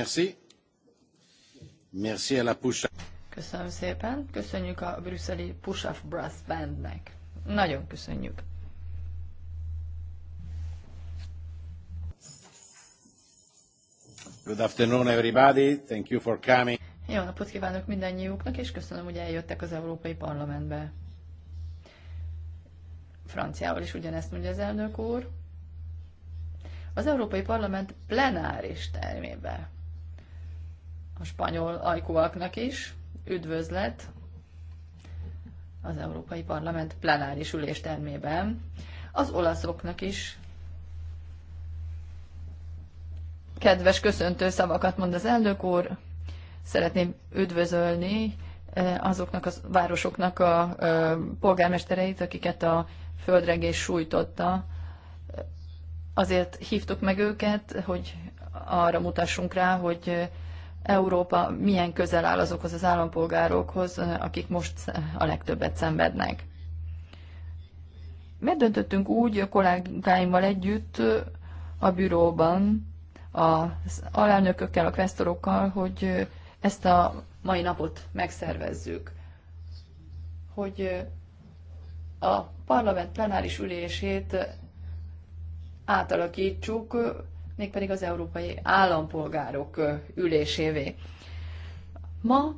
Merci. Merci à la push Köszönöm szépen. Köszönjük a brüsszeli Push of Brass Bandnek. Nagyon köszönjük. Good afternoon, everybody. Thank you for coming. Jó napot kívánok mindannyiuknak, és köszönöm, hogy eljöttek az Európai Parlamentbe. Franciával is ugyanezt mondja az elnök úr. Az Európai Parlament plenáris termében spanyol ajkúaknak is. Üdvözlet az Európai Parlament plenáris üléstermében. Az olaszoknak is kedves köszöntő szavakat mond az elnök úr. Szeretném üdvözölni e, azoknak a városoknak a e, polgármestereit, akiket a földregés sújtotta. Azért hívtuk meg őket, hogy arra mutassunk rá, hogy Európa milyen közel áll azokhoz az állampolgárokhoz, akik most a legtöbbet szenvednek. Miért döntöttünk úgy a kollégáimmal együtt a büróban, az alelnökökkel, a kvesztorokkal, hogy ezt a mai napot megszervezzük, hogy a parlament plenáris ülését átalakítsuk mégpedig az európai állampolgárok ülésévé. Ma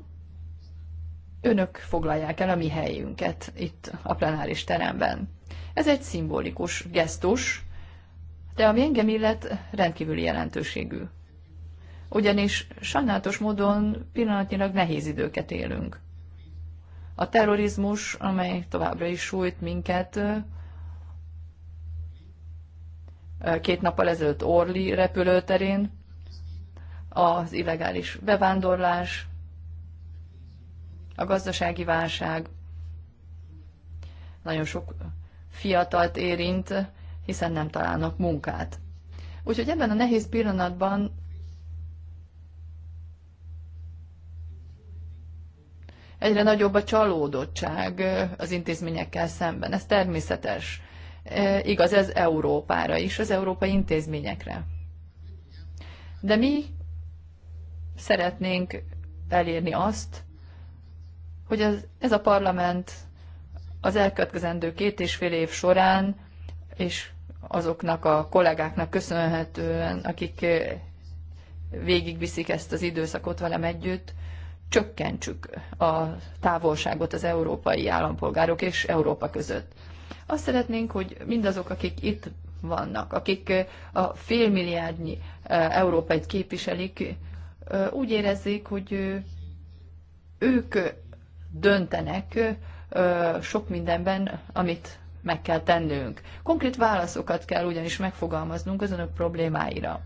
önök foglalják el a mi helyünket itt a plenáris teremben. Ez egy szimbolikus gesztus, de ami engem illet, rendkívüli jelentőségű. Ugyanis sajnálatos módon pillanatnyilag nehéz időket élünk. A terrorizmus, amely továbbra is sújt minket, két nappal ezelőtt Orli repülőterén, az illegális bevándorlás, a gazdasági válság, nagyon sok fiatalt érint, hiszen nem találnak munkát. Úgyhogy ebben a nehéz pillanatban egyre nagyobb a csalódottság az intézményekkel szemben. Ez természetes. E, igaz ez Európára is, az európai intézményekre. De mi szeretnénk elérni azt, hogy ez, ez a parlament az elkövetkezendő két és fél év során, és azoknak a kollégáknak köszönhetően, akik e, végigviszik ezt az időszakot velem együtt, csökkentsük a távolságot az európai állampolgárok és Európa között. Azt szeretnénk, hogy mindazok, akik itt vannak, akik a félmilliárdnyi Európát képviselik, úgy érezzék, hogy ők döntenek sok mindenben, amit meg kell tennünk. Konkrét válaszokat kell ugyanis megfogalmaznunk az önök problémáira.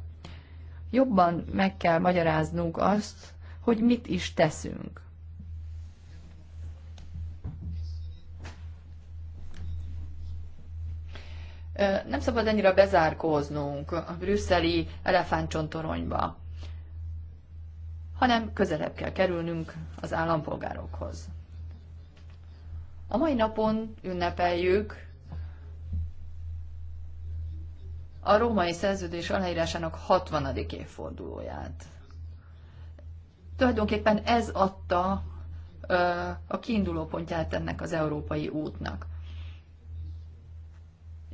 Jobban meg kell magyaráznunk azt, hogy mit is teszünk. nem szabad ennyire bezárkóznunk a brüsszeli elefántcsontoronyba, hanem közelebb kell kerülnünk az állampolgárokhoz. A mai napon ünnepeljük a római szerződés aláírásának 60. évfordulóját. Tulajdonképpen ez adta a kiinduló pontját ennek az európai útnak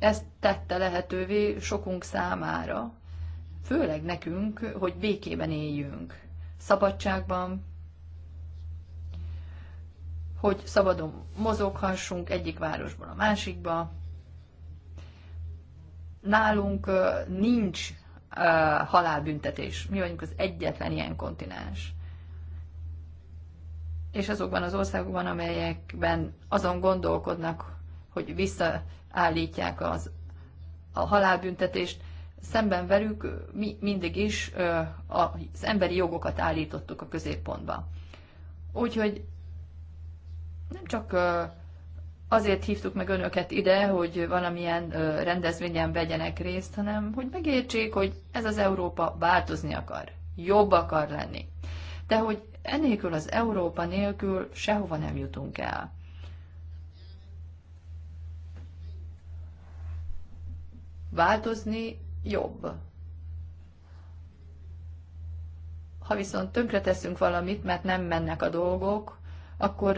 ezt tette lehetővé sokunk számára, főleg nekünk, hogy békében éljünk, szabadságban, hogy szabadon mozoghassunk egyik városból a másikba. Nálunk nincs halálbüntetés. Mi vagyunk az egyetlen ilyen kontinens. És azokban az országokban, amelyekben azon gondolkodnak, hogy vissza állítják az, a halálbüntetést, szemben velük mi mindig is az emberi jogokat állítottuk a középpontba. Úgyhogy nem csak azért hívtuk meg önöket ide, hogy valamilyen rendezvényen vegyenek részt, hanem hogy megértsék, hogy ez az Európa változni akar, jobb akar lenni. De hogy enélkül az Európa nélkül sehova nem jutunk el. változni jobb. Ha viszont tönkreteszünk valamit, mert nem mennek a dolgok, akkor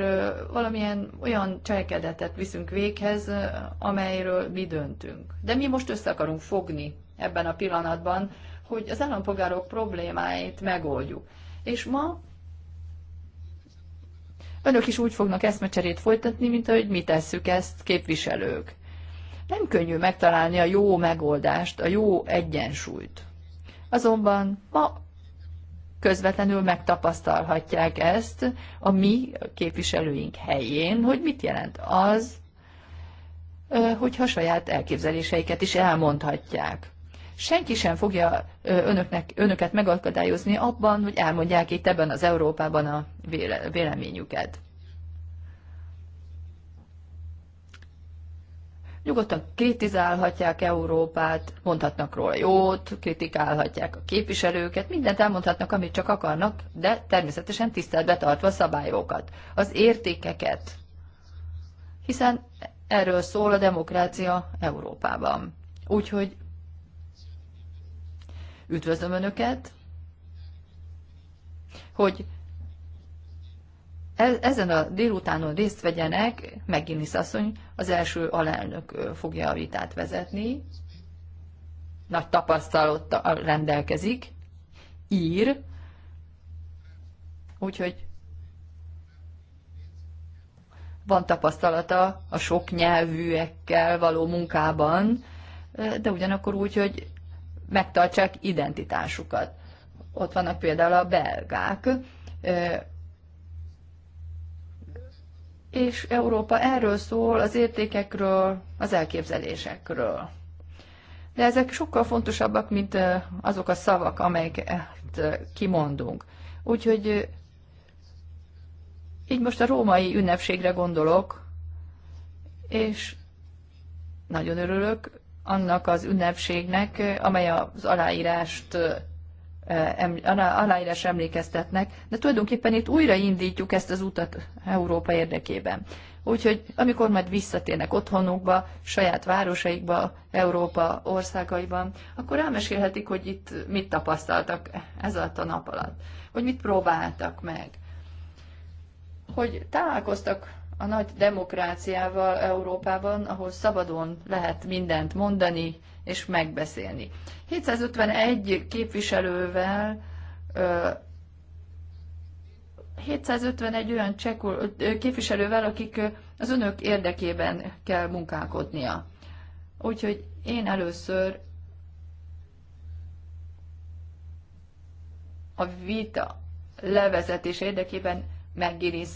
valamilyen olyan cselekedetet viszünk véghez, amelyről mi döntünk. De mi most össze akarunk fogni ebben a pillanatban, hogy az állampolgárok problémáit megoldjuk. És ma önök is úgy fognak eszmecserét folytatni, mint ahogy mi tesszük ezt képviselők. Nem könnyű megtalálni a jó megoldást, a jó egyensúlyt. Azonban ma közvetlenül megtapasztalhatják ezt a mi képviselőink helyén, hogy mit jelent az, hogyha saját elképzeléseiket is elmondhatják. Senki sem fogja önöknek, önöket megakadályozni abban, hogy elmondják itt ebben az Európában a véleményüket. Nyugodtan kritizálhatják Európát, mondhatnak róla jót, kritikálhatják a képviselőket, mindent elmondhatnak, amit csak akarnak, de természetesen tiszteletbe tartva a szabályokat, az értékeket. Hiszen erről szól a demokrácia Európában. Úgyhogy üdvözlöm Önöket, hogy ezen a délutánon részt vegyenek, McGinnis asszony az első alelnök fogja a vitát vezetni, nagy tapasztalattal rendelkezik, ír, úgyhogy van tapasztalata a sok nyelvűekkel való munkában, de ugyanakkor úgy, hogy megtartsák identitásukat. Ott vannak például a belgák, és Európa erről szól, az értékekről, az elképzelésekről. De ezek sokkal fontosabbak, mint azok a szavak, amelyeket kimondunk. Úgyhogy így most a római ünnepségre gondolok, és nagyon örülök annak az ünnepségnek, amely az aláírást Eh, aláírás emlékeztetnek, de tulajdonképpen itt újraindítjuk ezt az utat Európa érdekében. Úgyhogy amikor majd visszatérnek otthonukba, saját városaikba, Európa országaiban, akkor elmesélhetik, hogy itt mit tapasztaltak ez alatt a nap alatt, hogy mit próbáltak meg, hogy találkoztak a nagy demokráciával Európában, ahol szabadon lehet mindent mondani, és megbeszélni. 751 képviselővel 751 olyan csekul, képviselővel, akik az önök érdekében kell munkálkodnia. Úgyhogy én először a vita levezetés érdekében McGinnis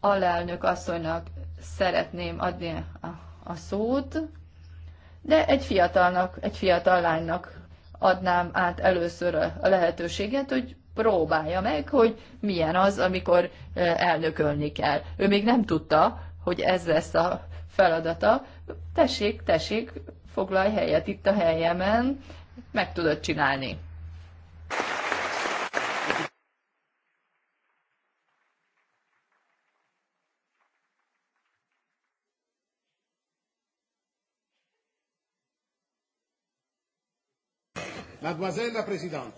alelnök asszonynak szeretném adni a szót de egy fiatalnak, egy fiatal lánynak adnám át először a lehetőséget, hogy próbálja meg, hogy milyen az, amikor e, elnökölni kell. Ő még nem tudta, hogy ez lesz a feladata. Tessék, tessék, foglalj helyet itt a helyemen, meg tudod csinálni. Mademoiselle la Présidente.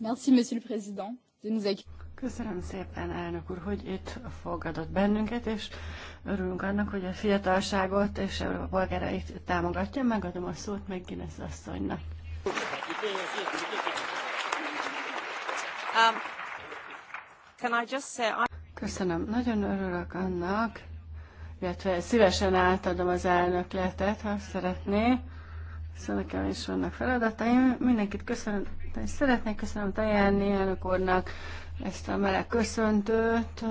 Merci, Monsieur le Président, de nous accueillir. Köszönöm szépen, elnök úr, hogy itt fogadott bennünket, és örülünk annak, hogy a fiatalságot és a polgárait támogatja. Megadom a szót meg Guinness asszonynak. Um, Can I just say I... Köszönöm. Nagyon örülök annak, illetve szívesen átadom az elnökletet, ha szeretné. Szóval nekem is vannak feladataim. Mindenkit köszönöm, és szeretnék köszönöm Tajárni elnök úrnak ezt a meleg köszöntőt.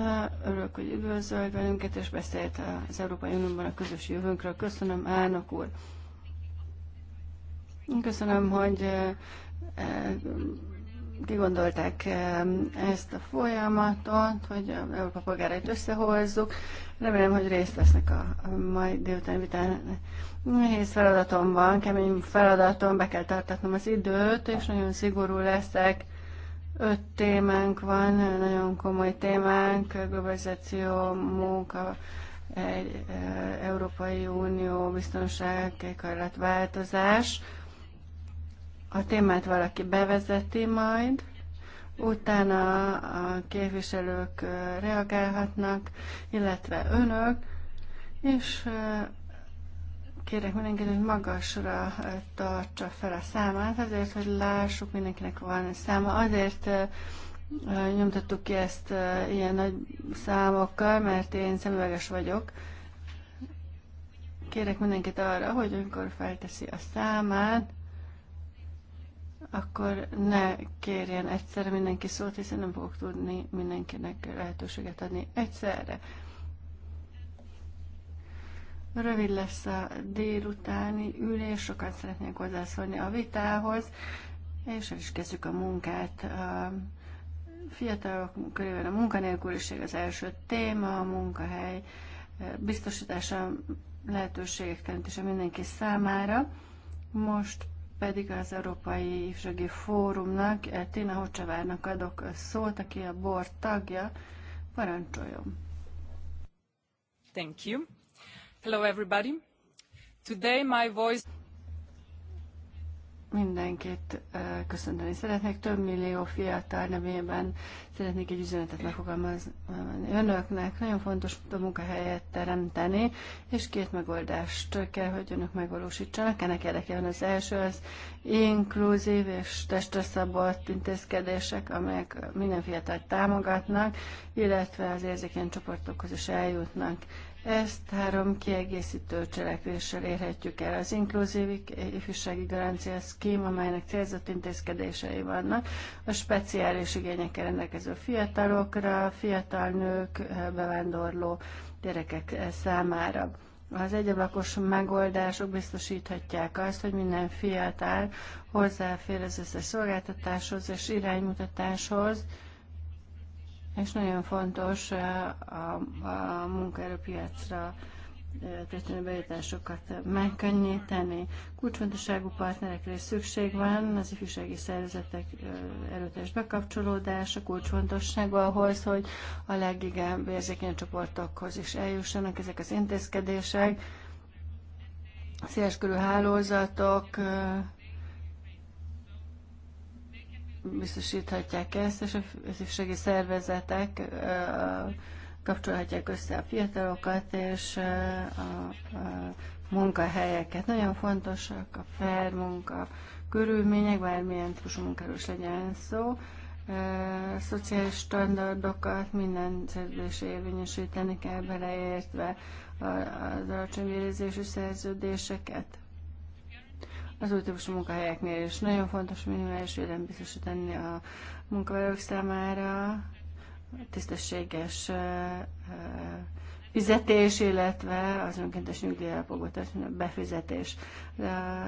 Örülök, hogy üdvözöl velünket, és beszélt az Európai Unióban a közös jövőnkről. Köszönöm, elnök úr. Köszönöm, hogy eh, kigondolták ezt a folyamatot, hogy a Európa polgárait összehozzuk. Remélem, hogy részt vesznek a mai délután vitán. Nehéz feladatom van, kemény feladatom, be kell tartatnom az időt, és nagyon szigorú leszek. Öt témánk van, nagyon komoly témánk, globalizáció, munka, egy, e, Európai Unió, biztonság, éghajlatváltozás. változás a témát valaki bevezeti majd, utána a képviselők reagálhatnak, illetve önök, és kérek mindenkit, hogy magasra tartsa fel a számát, azért, hogy lássuk, mindenkinek van száma. Azért nyomtattuk ki ezt ilyen nagy számokkal, mert én szemüveges vagyok. Kérek mindenkit arra, hogy amikor felteszi a számát, akkor ne kérjen egyszerre mindenki szót, hiszen nem fogok tudni mindenkinek lehetőséget adni egyszerre. Rövid lesz a délutáni ülés, sokan szeretnék hozzászólni a vitához, és el is kezdjük a munkát. A fiatalok körében a munkanélküliség az első téma, a munkahely e, biztosítása lehetőségek teremtése mindenki számára. Most pedig az Európai Ifjúsági Fórumnak, Tina Hocsavárnak adok szót, aki a bor tagja. Parancsoljon! Thank you. Hello everybody. Today my voice... Mindenkit köszönteni szeretnék. Több millió fiatal nevében szeretnék egy üzenetet megfogalmazni önöknek. Nagyon fontos a munkahelyet teremteni, és két megoldást kell, hogy önök megvalósítsanak. Ennek érdekében az első az inkluzív és testre szabott intézkedések, amelyek minden fiatal támogatnak, illetve az érzékeny csoportokhoz is eljutnak. Ezt három kiegészítő cselekvéssel érhetjük el. Az inkluzív ifjúsági garancia szkém, amelynek célzott intézkedései vannak, a speciális igényekkel rendelkező fiatalokra, fiatal nők, bevándorló gyerekek számára. Az egyablakos megoldások biztosíthatják azt, hogy minden fiatal hozzáfér az összes szolgáltatáshoz és iránymutatáshoz, és nagyon fontos eh, a, a munkaerőpiacra eh, történő bejutásokat megkönnyíteni. Kulcsfontosságú partnerekre is szükség van, az ifjúsági szervezetek eh, erőteljes bekapcsolódása kulcsfontosságú ahhoz, hogy a legigább érzékeny csoportokhoz is eljussanak ezek az intézkedések, széleskörű hálózatok, biztosíthatják ezt, és a ifjúsági szervezetek kapcsolhatják össze a fiatalokat és a, munkahelyeket. Nagyon fontosak a fair munka körülmények, bármilyen típusú munkáról is legyen szó. szociális standardokat minden szerződésre érvényesíteni kell beleértve az alacsony szerződéseket az új típusú munkahelyeknél is nagyon fontos minimális védelem biztosítani a munkavállalók számára, tisztességes fizetés, illetve az önkéntes nyugdíjalapokba a befizetés. De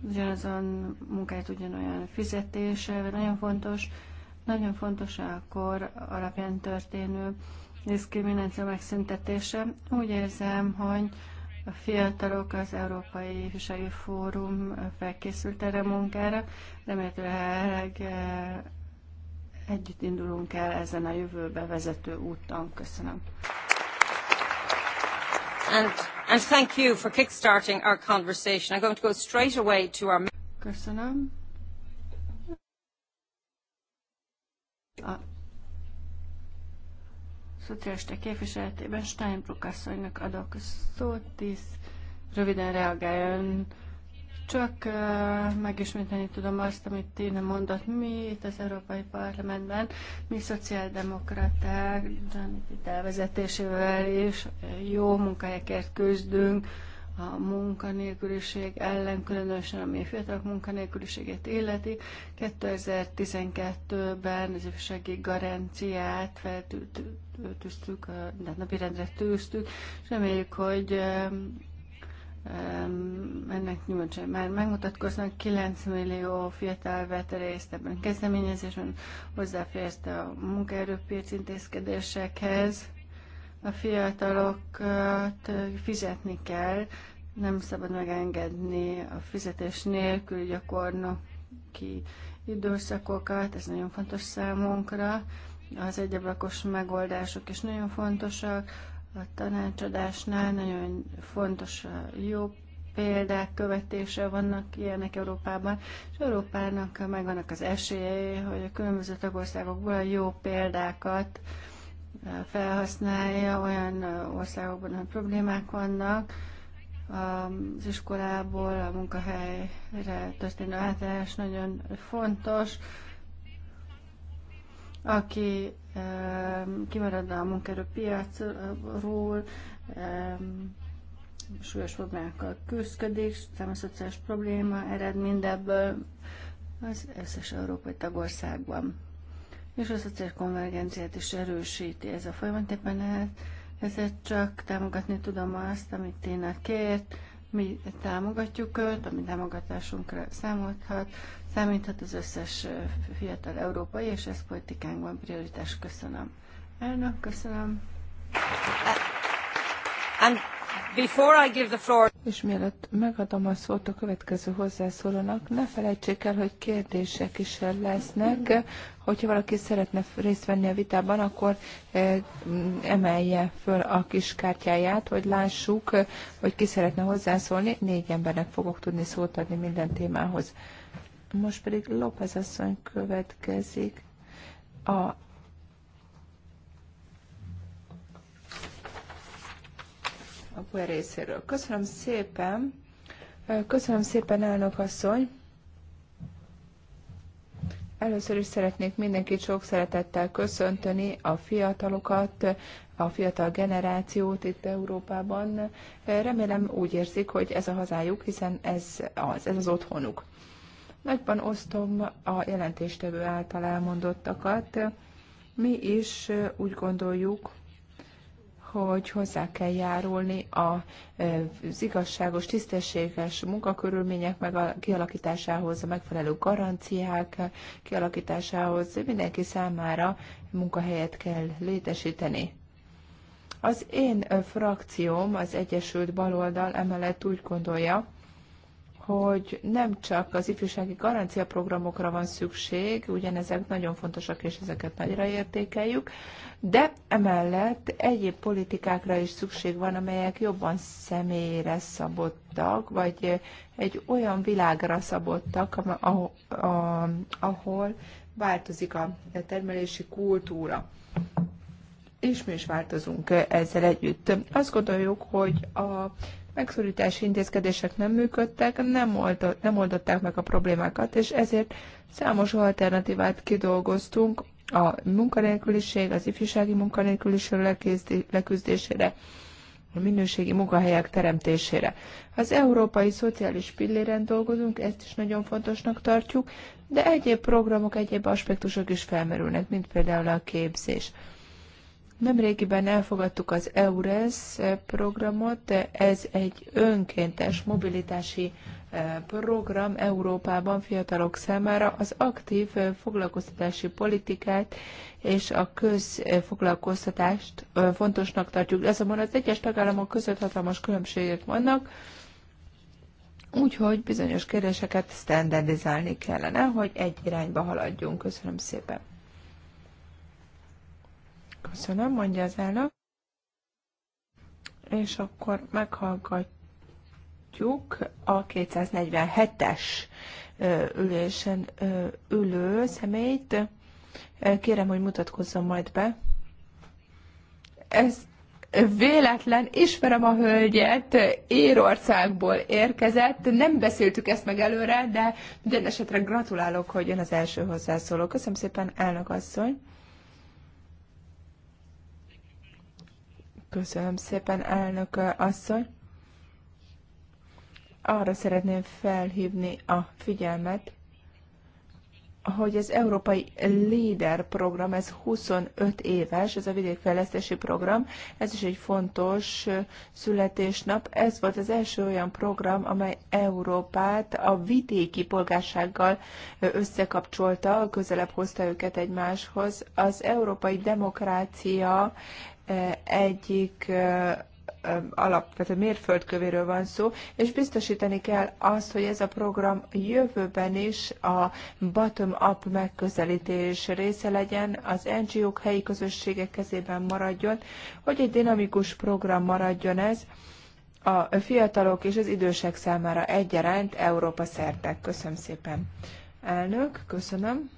ugyanazon munkáját ugyanolyan fizetés, nagyon fontos, nagyon fontos a kor alapján történő diszkrimináció megszüntetése. Úgy érzem, hogy a fiatalok az Európai Ifjúsági Fórum felkészült erre a munkára, remélhetőleg eh, együtt indulunk el ezen a jövőbe vezető úton. Köszönöm. And, and thank you for kickstarting our conversation. I'm going to go straight away to our... Köszönöm. A szocialista képviseletében Steinbrück asszonynak adok szót, tíz röviden reagáljon. Csak uh, megismételni tudom azt, amit Tina mondott mi itt az Európai Parlamentben, mi szociáldemokraták, Janit elvezetésével is jó munkahelyekért küzdünk, uh, a munkanélküliség ellen, különösen ami a fiatalok munkanélküliségét illeti. 2012-ben az ifjúsági garanciát feltűztük, de rendre tűztük, és reméljük, hogy ennek nyilván már megmutatkoznak, 9 millió fiatal vett részt ebben a kezdeményezésben, hozzáférte a munkaerőpiac intézkedésekhez. A fiatalokat fizetni kell, nem szabad megengedni a fizetés nélkül gyakornoki időszakokat, ez nagyon fontos számunkra. Az egyablakos megoldások is nagyon fontosak. A tanácsadásnál nagyon fontos a jó példák követése vannak ilyenek Európában, és Európának megvannak az esélyei, hogy a különböző tagországokból a jó példákat eh, felhasználja olyan eh, országokban, ahol problémák vannak, az iskolából a munkahelyre történő átállás nagyon fontos. Aki kimarad a munkerőpiacról, súlyos problémákkal a szociális probléma ered mindebből az összes európai tagországban. És a szociális konvergenciát is erősíti ez a folyamat, éppen ez ezért csak támogatni tudom azt, amit Téna kért, mi támogatjuk őt, ami támogatásunkra számolhat, számíthat az összes fiatal európai, és ez politikánkban prioritás. Köszönöm. Elnök, köszönöm. Uh, and és mielőtt megadom a szót a következő hozzászólónak, ne felejtsék el, hogy kérdések is lesznek. Hogyha valaki szeretne részt venni a vitában, akkor eh, emelje föl a kis kártyáját, hogy lássuk, hogy ki szeretne hozzászólni. Négy embernek fogok tudni szót adni minden témához. Most pedig López asszony következik a a GUE részéről. Köszönöm szépen, köszönöm szépen, elnök asszony. Először is szeretnék mindenkit sok szeretettel köszönteni a fiatalokat, a fiatal generációt itt Európában. Remélem úgy érzik, hogy ez a hazájuk, hiszen ez az, ez az otthonuk. Nagyban osztom a jelentéstevő által elmondottakat. Mi is úgy gondoljuk, hogy hozzá kell járulni az igazságos, tisztességes munkakörülmények meg a kialakításához, a megfelelő garanciák kialakításához mindenki számára munkahelyet kell létesíteni. Az én frakcióm, az Egyesült Baloldal emellett úgy gondolja, hogy nem csak az ifjúsági garancia programokra van szükség, ugyanezek nagyon fontosak, és ezeket nagyra értékeljük, de emellett egyéb politikákra is szükség van, amelyek jobban személyre szabottak, vagy egy olyan világra szabottak, ahol változik a termelési kultúra. És mi is változunk ezzel együtt. Azt gondoljuk, hogy a megszorítási intézkedések nem működtek, nem, oldott, nem oldották meg a problémákat, és ezért számos alternatívát kidolgoztunk a munkanélküliség, az ifjúsági munkanélküliség leküzdésére, a minőségi munkahelyek teremtésére. Az európai szociális pilléren dolgozunk, ezt is nagyon fontosnak tartjuk, de egyéb programok, egyéb aspektusok is felmerülnek, mint például a képzés. Nemrégiben elfogadtuk az EURES programot, ez egy önkéntes mobilitási eh, program Európában fiatalok számára az aktív eh, foglalkoztatási politikát és a közfoglalkoztatást eh, fontosnak tartjuk. Azonban az egyes tagállamok között hatalmas különbségek vannak, úgyhogy bizonyos kérdéseket standardizálni kellene, hogy egy irányba haladjunk. Köszönöm szépen. Köszönöm, mondja az elnök. És akkor meghallgatjuk a 247-es ülésen ülő személyt. Kérem, hogy mutatkozzon majd be. Ez véletlen, ismerem a hölgyet, Írországból érkezett, nem beszéltük ezt meg előre, de minden esetre gratulálok, hogy ön az első hozzászóló. Köszönöm szépen, elnök asszony. Köszönöm szépen, elnök asszony. Arra szeretném felhívni a figyelmet, hogy az Európai Leader program, ez 25 éves, ez a vidékfejlesztési program, ez is egy fontos születésnap. Ez volt az első olyan program, amely Európát a vidéki polgársággal összekapcsolta, közelebb hozta őket egymáshoz. Az európai demokrácia egyik alapvető mérföldkövéről van szó, és biztosítani kell azt, hogy ez a program jövőben is a bottom-up megközelítés része legyen, az NGO-k helyi közösségek kezében maradjon, hogy egy dinamikus program maradjon ez, a fiatalok és az idősek számára egyaránt Európa szerte. Köszönöm szépen. Elnök, köszönöm.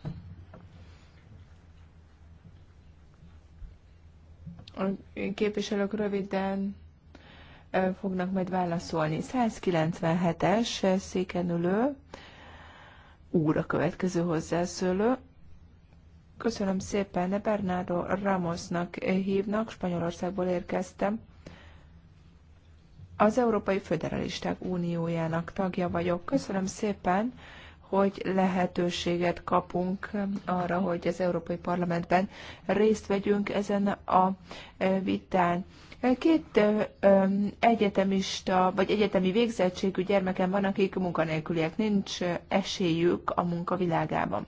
A képviselők röviden fognak majd válaszolni. 197-es székenülő úr a következő hozzászóló. Köszönöm szépen, Bernardo Ramosnak hívnak, Spanyolországból érkeztem. Az Európai Föderalisták Uniójának tagja vagyok. Köszönöm szépen hogy lehetőséget kapunk arra, hogy az Európai Parlamentben részt vegyünk ezen a e, vitán. Két e, e, egyetemista vagy egyetemi végzettségű gyermekem van, akik munkanélküliek, nincs esélyük a munkavilágában.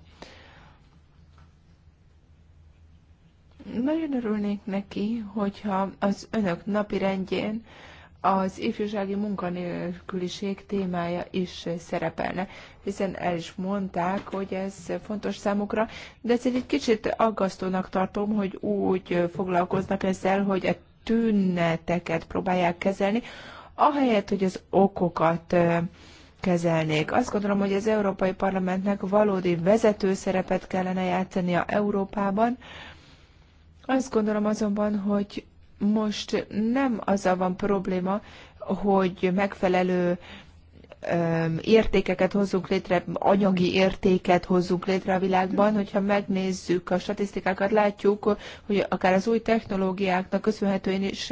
Nagyon örülnék neki, hogyha az önök napi rendjén az ifjúsági munkanélküliség témája is szerepelne, hiszen el is mondták, hogy ez fontos számukra, de ezt egy kicsit aggasztónak tartom, hogy úgy foglalkoznak ezzel, hogy a tüneteket próbálják kezelni, ahelyett, hogy az okokat kezelnék. Azt gondolom, hogy az Európai Parlamentnek valódi vezető szerepet kellene a Európában. Azt gondolom azonban, hogy most nem azzal van probléma, hogy megfelelő értékeket hozzunk létre, anyagi értéket hozzunk létre a világban, hogyha megnézzük a statisztikákat, látjuk, hogy akár az új technológiáknak köszönhetően is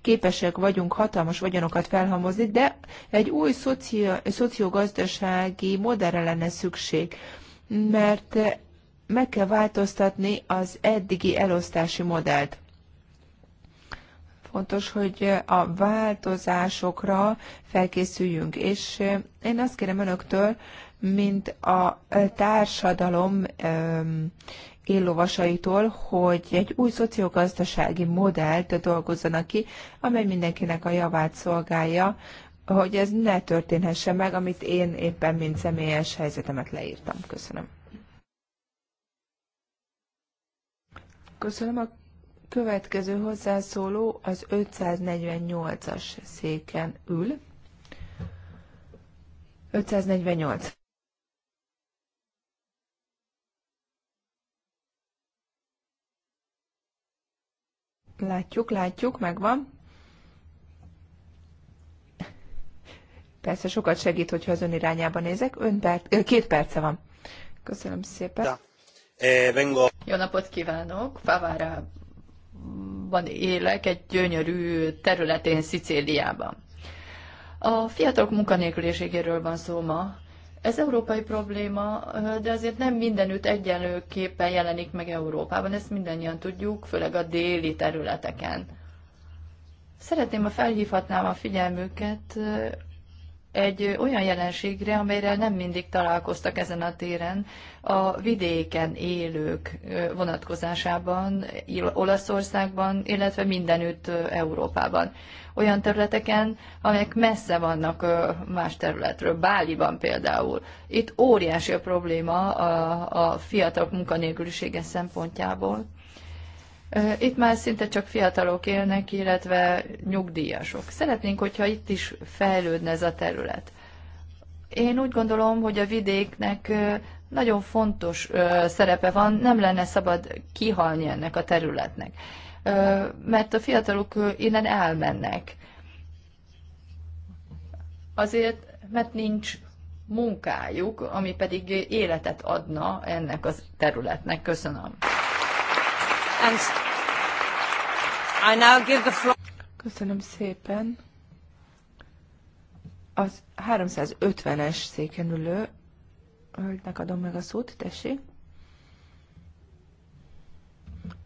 képesek vagyunk hatalmas vagyonokat felhalmozni, de egy új szocio, szociogazdasági modellre lenne szükség, mert meg kell változtatni az eddigi elosztási modellt fontos, hogy a változásokra felkészüljünk. És én azt kérem önöktől, mint a társadalom élővasaitól, hogy egy új szociogazdasági modellt dolgozzanak ki, amely mindenkinek a javát szolgálja, hogy ez ne történhessen meg, amit én éppen, mint személyes helyzetemet leírtam. Köszönöm. Köszönöm a Következő hozzászóló az 548-as széken ül. 548. Látjuk, látjuk, megvan. Persze sokat segít, hogyha az ön irányába nézek. Ön perc, két perce van. Köszönöm szépen. Ja. Eh, Jó napot kívánok! Favára van élek, egy gyönyörű területén, Szicéliában. A fiatalok munkanélküliségéről van szó ma. Ez európai probléma, de azért nem mindenütt egyenlőképpen jelenik meg Európában, ezt mindannyian tudjuk, főleg a déli területeken. Szeretném, ha felhívhatnám a figyelmüket egy olyan jelenségre, amelyre nem mindig találkoztak ezen a téren. A vidéken élők vonatkozásában, Olaszországban, illetve mindenütt Európában. Olyan területeken, amelyek messze vannak más területről, Báliban például. Itt óriási a probléma a, a fiatalok munkanélkülisége szempontjából itt már szinte csak fiatalok élnek, illetve nyugdíjasok. Szeretnénk, hogyha itt is fejlődne ez a terület. Én úgy gondolom, hogy a vidéknek nagyon fontos szerepe van, nem lenne szabad kihalni ennek a területnek, mert a fiatalok innen elmennek. Azért, mert nincs munkájuk, ami pedig életet adna ennek a területnek. Köszönöm. And I now give the floor. Köszönöm szépen. Az 350-es széken ülő hölgynek adom meg a szót, tessék.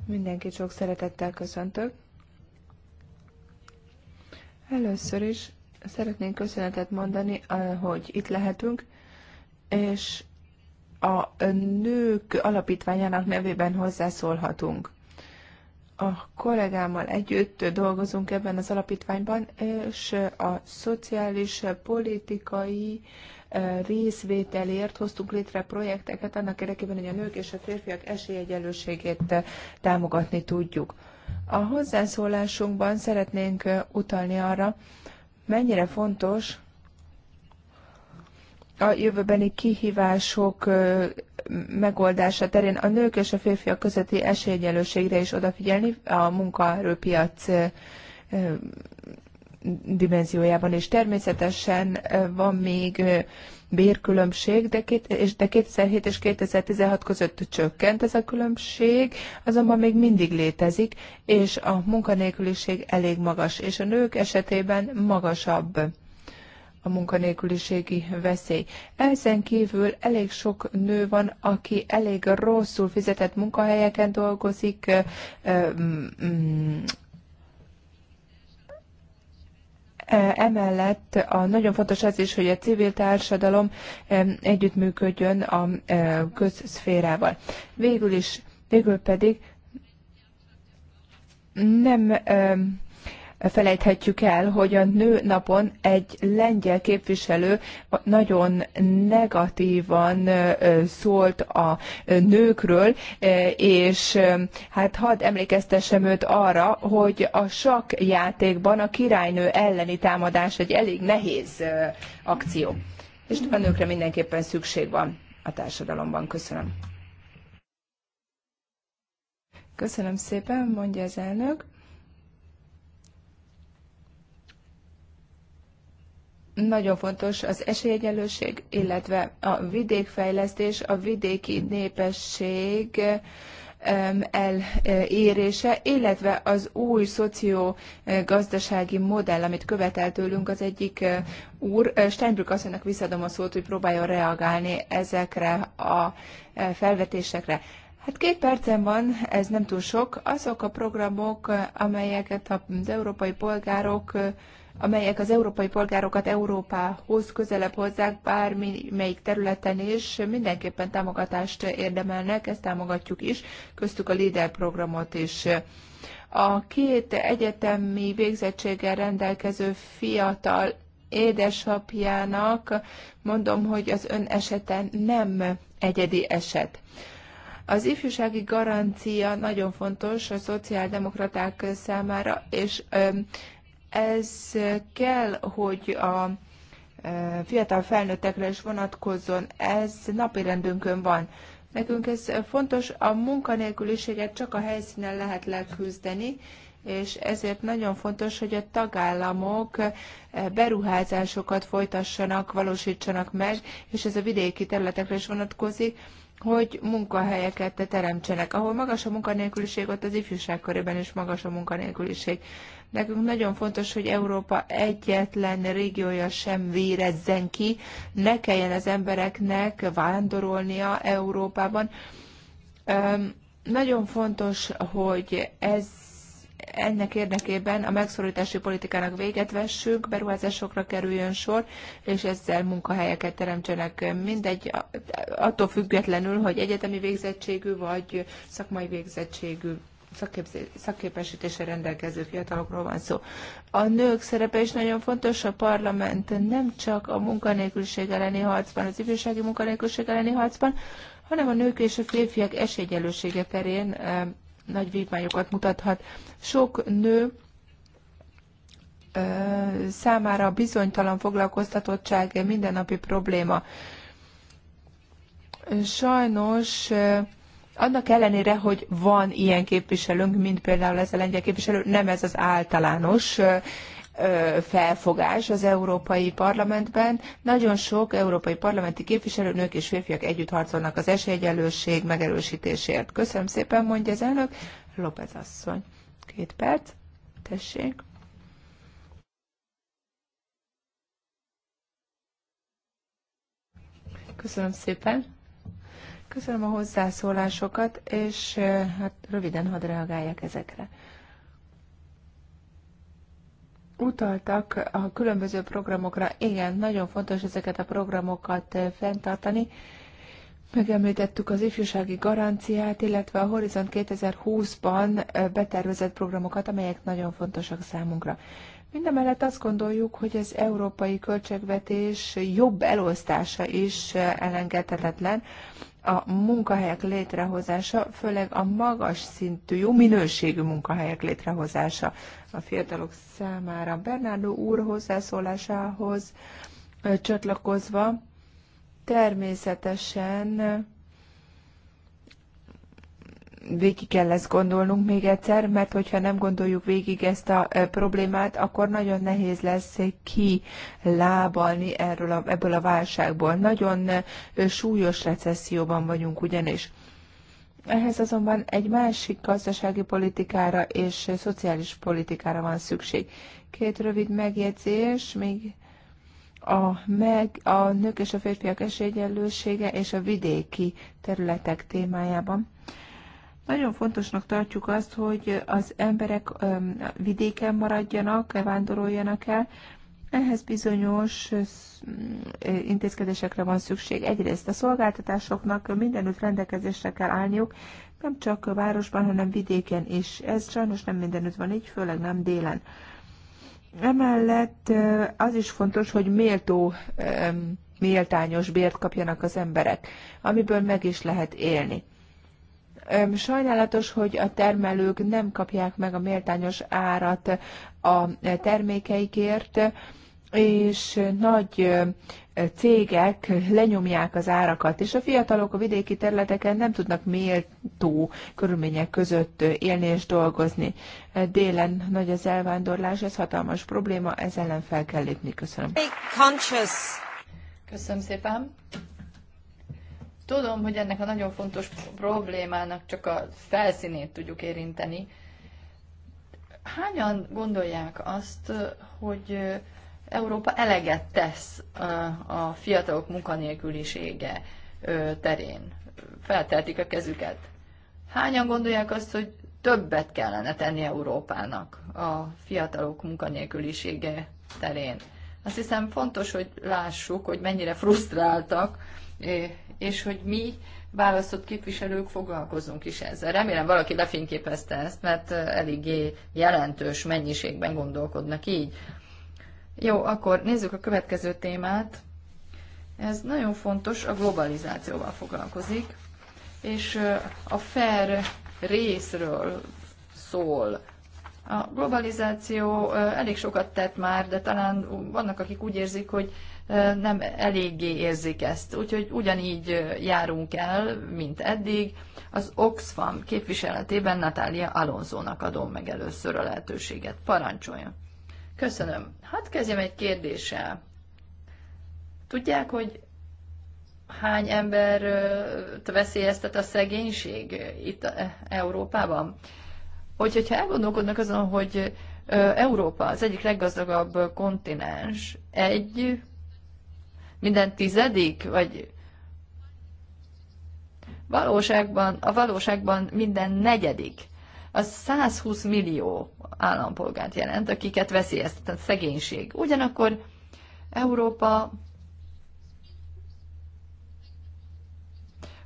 Mindenkit sok szeretettel köszöntök. Először is szeretnénk köszönetet mondani, eh, hogy itt lehetünk, és a nők alapítványának nevében hozzászólhatunk a kollégámmal együtt dolgozunk ebben az alapítványban, és a szociális politikai eh, részvételért hoztunk létre projekteket annak érdekében, hogy a nők és a férfiak esélyegyenlőségét eh, támogatni tudjuk. A hozzászólásunkban szeretnénk eh, utalni arra, mennyire fontos a jövőbeni kihívások megoldása terén a nők és a férfiak közötti esélyegyenlőségre is odafigyelni a munkaerőpiac dimenziójában, és természetesen van még bérkülönbség, de, két, és de 2007 és 2016 között csökkent ez a különbség, azonban még mindig létezik, és a munkanélküliség elég magas, és a nők esetében magasabb a munkanélküliségi veszély. Ezen kívül elég sok nő van, aki elég rosszul fizetett munkahelyeken dolgozik, mm, Emellett a, nagyon fontos az is, hogy a civil társadalom együttműködjön a közszférával. Végül is, végül pedig nem felejthetjük el, hogy a nő napon egy lengyel képviselő nagyon negatívan szólt a nőkről, és hát hadd emlékeztessem őt arra, hogy a sakkjátékban játékban a királynő elleni támadás egy elég nehéz akció. És a nőkre mindenképpen szükség van a társadalomban. Köszönöm. Köszönöm szépen, mondja az elnök. nagyon fontos az esélyegyenlőség, illetve a vidékfejlesztés, a vidéki népesség elérése, illetve az új szociogazdasági modell, amit követel tőlünk az egyik úr. Steinbrück asszonynak visszadom a szót, hogy próbáljon reagálni ezekre a felvetésekre. Hát két percen van, ez nem túl sok. Azok a programok, amelyeket az európai polgárok amelyek az európai polgárokat Európához közelebb hozzák bármelyik területen is, mindenképpen támogatást érdemelnek, ezt támogatjuk is, köztük a LIDER programot is. A két egyetemi végzettséggel rendelkező fiatal édesapjának mondom, hogy az ön eseten nem egyedi eset. Az ifjúsági garancia nagyon fontos a szociáldemokraták számára, és ez kell, hogy a e, fiatal felnőttekre is vonatkozzon, ez napi rendünkön van. Nekünk ez fontos, a munkanélküliséget csak a helyszínen lehet leküzdeni, és ezért nagyon fontos, hogy a tagállamok e, beruházásokat folytassanak, valósítsanak meg, és ez a vidéki területekre is vonatkozik, hogy munkahelyeket teremtsenek. Ahol magas a munkanélküliség, ott az ifjúság körében is magas a munkanélküliség. Nekünk nagyon fontos, hogy Európa egyetlen régiója sem vérezzen ki, ne kelljen az embereknek vándorolnia Európában. Nagyon fontos, hogy ez ennek érdekében a megszorítási politikának véget vessünk, beruházásokra kerüljön sor, és ezzel munkahelyeket teremtsenek mindegy, attól függetlenül, hogy egyetemi végzettségű vagy szakmai végzettségű szakképesítésre rendelkező fiatalokról van szó. A nők szerepe is nagyon fontos, a parlament nem csak a munkanélküliség elleni harcban, az ifjúsági munkanélküliség elleni harcban, hanem a nők és a férfiak esélyegyelősége terén e, nagy vívmányokat mutathat. Sok nő e, számára bizonytalan foglalkoztatottság eh, mindennapi probléma. Sajnos e, annak ellenére, hogy van ilyen képviselőnk, mint például ez a lengyel képviselő, nem ez az általános felfogás az Európai Parlamentben. Nagyon sok európai parlamenti képviselő nők és férfiak együtt harcolnak az esélyegyelősség megerősítésért. Köszönöm szépen, mondja az elnök. López asszony. Két perc. Tessék. Köszönöm szépen. Köszönöm a hozzászólásokat, és hát röviden hadd reagáljak ezekre. Utaltak a különböző programokra. Igen, nagyon fontos ezeket a programokat fenntartani. Megemlítettük az ifjúsági garanciát, illetve a Horizont 2020-ban betervezett programokat, amelyek nagyon fontosak számunkra. Mindemellett azt gondoljuk, hogy az európai költségvetés jobb elosztása is elengedhetetlen a munkahelyek létrehozása, főleg a magas szintű, jó minőségű munkahelyek létrehozása a fiatalok számára. Bernardo úr hozzászólásához csatlakozva természetesen végig kell ezt gondolnunk még egyszer, mert hogyha nem gondoljuk végig ezt a e, problémát, akkor nagyon nehéz lesz kilábalni erről a, ebből a válságból. Nagyon e, súlyos recesszióban vagyunk ugyanis. Ehhez azonban egy másik gazdasági politikára és szociális politikára van szükség. Két rövid megjegyzés, még a, meg, a nők és a férfiak esélyegyenlősége és a vidéki területek témájában. Nagyon fontosnak tartjuk azt, hogy az emberek vidéken maradjanak, vándoroljanak el, ehhez bizonyos intézkedésekre van szükség. Egyrészt a szolgáltatásoknak mindenütt rendelkezésre kell állniuk, nem csak a városban, hanem vidéken is. Ez sajnos nem mindenütt van így, főleg nem délen. Emellett az is fontos, hogy méltó, méltányos bért kapjanak az emberek, amiből meg is lehet élni. Sajnálatos, hogy a termelők nem kapják meg a méltányos árat a termékeikért, és nagy cégek lenyomják az árakat, és a fiatalok a vidéki területeken nem tudnak méltó körülmények között élni és dolgozni. Délen nagy az elvándorlás, ez hatalmas probléma, ez ellen fel kell lépni. Köszönöm. Köszönöm szépen. Tudom, hogy ennek a nagyon fontos problémának csak a felszínét tudjuk érinteni. Hányan gondolják azt, hogy Európa eleget tesz a fiatalok munkanélkülisége terén? Felteltik a kezüket. Hányan gondolják azt, hogy többet kellene tenni Európának a fiatalok munkanélkülisége terén? Azt hiszem fontos, hogy lássuk, hogy mennyire frusztráltak és hogy mi választott képviselők foglalkozunk is ezzel. Remélem valaki lefényképezte ezt, mert eléggé jelentős mennyiségben gondolkodnak így. Jó, akkor nézzük a következő témát. Ez nagyon fontos, a globalizációval foglalkozik, és a fair részről szól. A globalizáció elég sokat tett már, de talán vannak, akik úgy érzik, hogy nem eléggé érzik ezt. Úgyhogy ugyanígy járunk el, mint eddig. Az Oxfam képviseletében Natália Alonzónak adom meg először a lehetőséget. Parancsoljon! Köszönöm. Hát kezdjem egy kérdéssel. Tudják, hogy hány ember veszélyeztet a szegénység itt Európában? Hogy, hogyha elgondolkodnak azon, hogy Európa az egyik leggazdagabb kontinens, egy minden tizedik, vagy valóságban, a valóságban minden negyedik. Az 120 millió állampolgárt jelent, akiket veszélyeztet a szegénység. Ugyanakkor Európa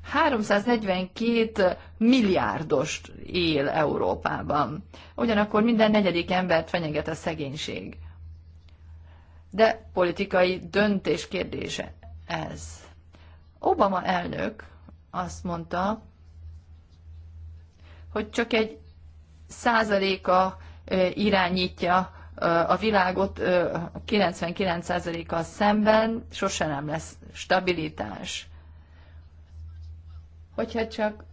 342 milliárdost él Európában. Ugyanakkor minden negyedik embert fenyeget a szegénység de politikai döntés kérdése ez. Obama elnök azt mondta, hogy csak egy százaléka irányítja a világot 99 százaléka szemben, sose nem lesz stabilitás. Hogyha csak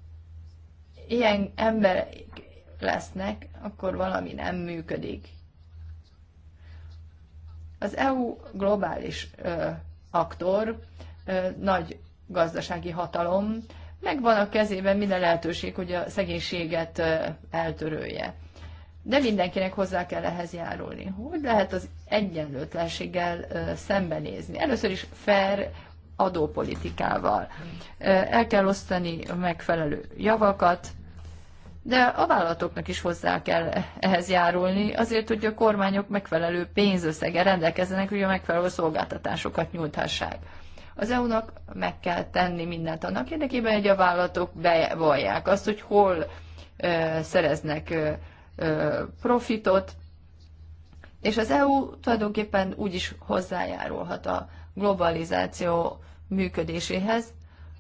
ilyen emberek lesznek, akkor valami nem működik. Az EU globális ö, aktor, ö, nagy gazdasági hatalom, megvan a kezében minden lehetőség, hogy a szegénységet ö, eltörölje. De mindenkinek hozzá kell ehhez járulni. Hogy lehet az egyenlőtlenséggel ö, szembenézni? Először is fair adópolitikával. El kell osztani megfelelő javakat, de a vállalatoknak is hozzá kell ehhez járulni, azért, hogy a kormányok megfelelő pénzösszeggel rendelkezzenek, hogy a megfelelő szolgáltatásokat nyújthassák. Az EU-nak meg kell tenni mindent annak érdekében, hogy a vállalatok bevallják azt, hogy hol e, szereznek e, profitot, és az EU tulajdonképpen úgy is hozzájárulhat a globalizáció működéséhez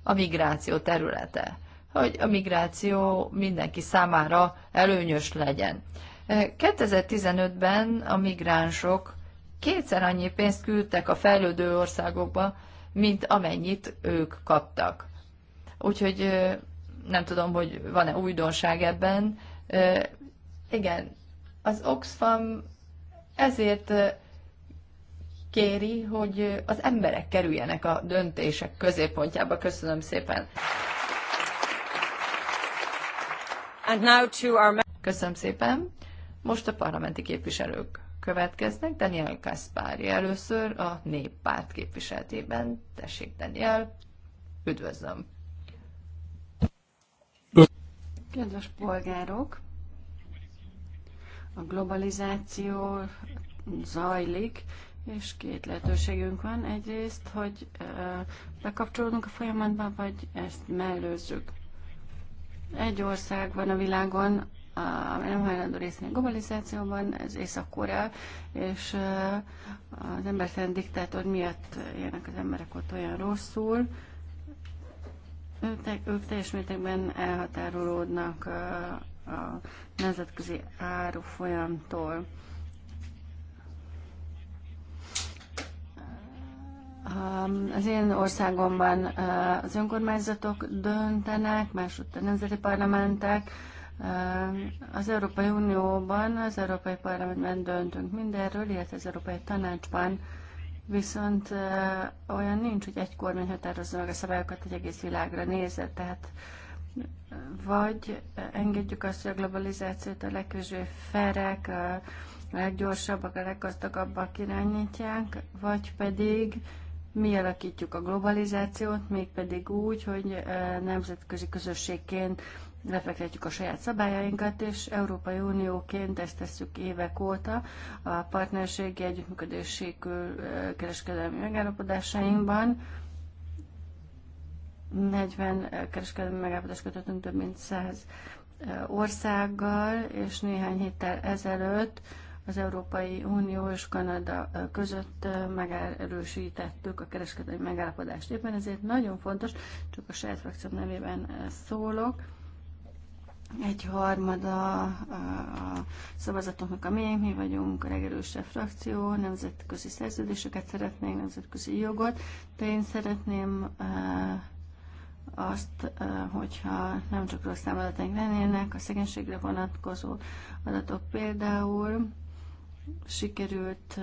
a migráció területe hogy a migráció mindenki számára előnyös legyen. 2015-ben a migránsok kétszer annyi pénzt küldtek a fejlődő országokba, mint amennyit ők kaptak. Úgyhogy nem tudom, hogy van-e újdonság ebben. Igen, az Oxfam ezért kéri, hogy az emberek kerüljenek a döntések középpontjába. Köszönöm szépen! And now to our... Köszönöm szépen. Most a parlamenti képviselők következnek. Daniel Kaspari először a néppárt képviseltében. Tessék, Daniel, üdvözlöm. Kedves polgárok, a globalizáció zajlik, és két lehetőségünk van. Egyrészt, hogy bekapcsolódunk a folyamatba, vagy ezt mellőzzük. Egy ország van a világon, ami nem hajlandó részén a globalizációban, ez Észak-Korea, és az embertelen diktátor miatt élnek az emberek ott olyan rosszul, ők, ők teljes mértékben elhatárolódnak a nemzetközi árufolyamtól. Um, az én országomban uh, az önkormányzatok döntenek, másutt a nemzeti parlamentek. Uh, az Európai Unióban, az Európai Parlamentben döntünk mindenről, illetve az Európai Tanácsban viszont uh, olyan nincs, hogy egy kormány határozza meg a szabályokat egy egész világra nézve, tehát vagy engedjük azt, hogy a globalizációt a legközső ferek, a leggyorsabbak, a leggazdagabbak irányítják, vagy pedig mi alakítjuk a globalizációt, mégpedig úgy, hogy nemzetközi közösségként lefektetjük a saját szabályainkat, és Európai Unióként ezt tesszük évek óta a partnerségi együttműködési kereskedelmi megállapodásainkban. 40 kereskedelmi megállapodást kötöttünk több mint 100 országgal, és néhány héttel ezelőtt az Európai Unió és Kanada között megerősítettük a kereskedelmi megállapodást. Éppen ezért nagyon fontos, csak a saját frakcióm nevében szólok, egy harmada a szavazatoknak a miénk, mi vagyunk a legerősebb frakció, nemzetközi szerződéseket szeretnénk, nemzetközi jogot, de én szeretném azt, hogyha nem csak rossz számadataink lennének, a szegénységre vonatkozó adatok például, sikerült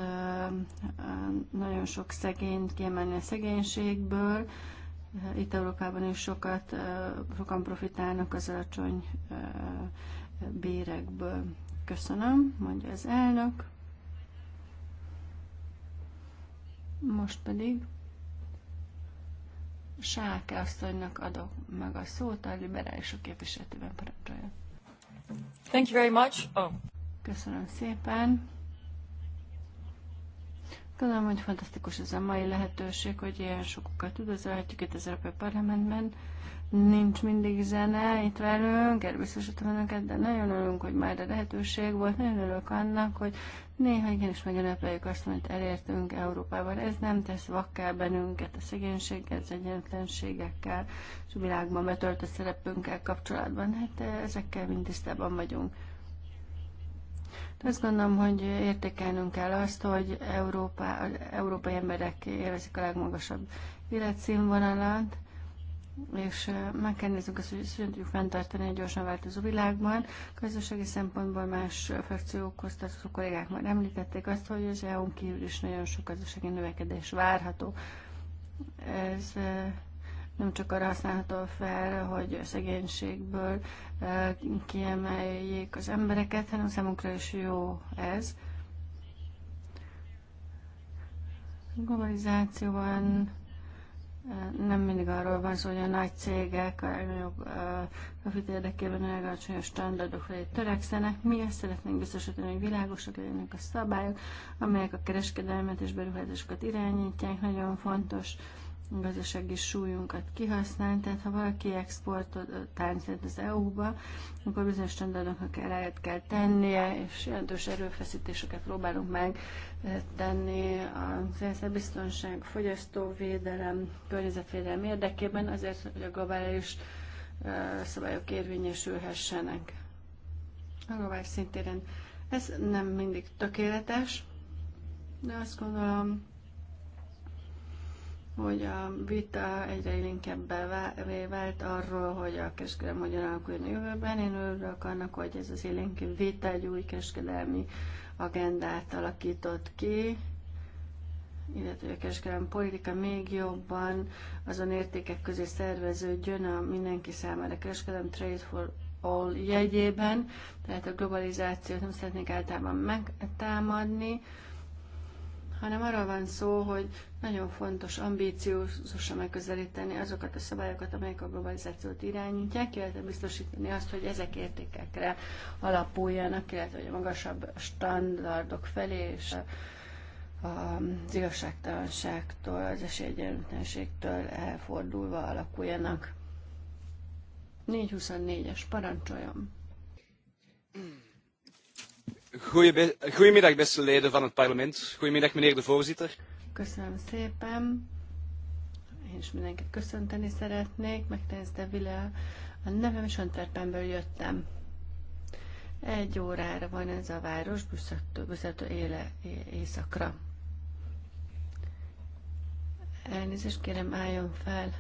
nagyon sok szegényt kiemelni a szegénységből. Itt Európában is sokat, sokan profitálnak az alacsony bérekből. Köszönöm, mondja az elnök. Most pedig Sáke asszonynak adok meg a szót a liberálisok képviseletében parancsolja. Thank you very much. Oh. Köszönöm szépen. Tudom, hogy fantasztikus ez a mai lehetőség, hogy ilyen sokukat üdvözölhetjük itt az Európai Parlamentben. Nincs mindig zene itt velünk, erre biztosítom önöket, de nagyon örülünk, hogy már a lehetőség volt. Nagyon örülök annak, hogy néha igenis megünnepeljük azt, amit elértünk Európával. Ez nem tesz vakká bennünket a szegénységgel, az egyenlőtlenségekkel, és a világban betöltött szerepünkkel kapcsolatban. Hát eh, ezekkel mind tisztában vagyunk. Azt gondolom, hogy értékelnünk kell azt, hogy Európa, az európai emberek élvezik a legmagasabb életszínvonalat, és meg kell néznünk azt, hogy ezt tudjuk fenntartani egy gyorsan változó világban. Közösségi szempontból más frakciókhoz tartozó kollégák már említették azt, hogy az EU-n kívül is nagyon sok közösségi növekedés várható. Ez nem csak arra használható fel, hogy szegénységből kiemeljék az embereket, hanem számunkra is jó ez. A globalizációban nem mindig arról van szó, hogy a nagy cégek a legnagyobb profit érdekében a legalacsonyabb standardok felé törekszenek. Mi ezt szeretnénk biztosítani, hogy világosak legyenek a szabályok, amelyek a kereskedelmet és beruházásokat irányítják. Nagyon fontos gazdasági súlyunkat kihasználni, tehát ha valaki exportot táncolt az EU-ba, akkor bizonyos standardoknak elejet kell tennie, és jelentős erőfeszítéseket próbálunk meg tenni a biztonság, fogyasztóvédelem, környezetvédelem érdekében, azért, hogy a globális szabályok érvényesülhessenek. A globális szintéren ez nem mindig tökéletes, de azt gondolom, hogy a vita egyre inkább vált arról, hogy a kereskedelem hogyan alakuljon a jövőben. Én örülök annak, hogy ez az élénk vita egy új kereskedelmi agendát alakított ki, illetve a kereskedelmi politika még jobban azon értékek közé szerveződjön a mindenki számára kereskedelmi trade for all jegyében, tehát a globalizációt nem szeretnék általában megtámadni, hanem arról van szó, hogy nagyon fontos ambíciózusra megközelíteni azokat a szabályokat, amelyek a globalizációt irányítják, illetve biztosítani azt, hogy ezek értékekre alapuljanak, illetve hogy a magasabb standardok felé és az igazságtalanságtól, az esélyegyenlőtlenségtől elfordulva alakuljanak. 424-es, parancsoljon! Mm. Goedemiddag, beste leden van het parlement. Goedemiddag, meneer de voorzitter. Köszönöm szépen. Én is mindenkit köszönteni szeretnék. de Deville a nevem, is Antwerpenből jöttem. Egy órára van ez a város, Brüsszeltől, Brüsszeltől éle, éjszakra. Elnézést kérem, álljon fel.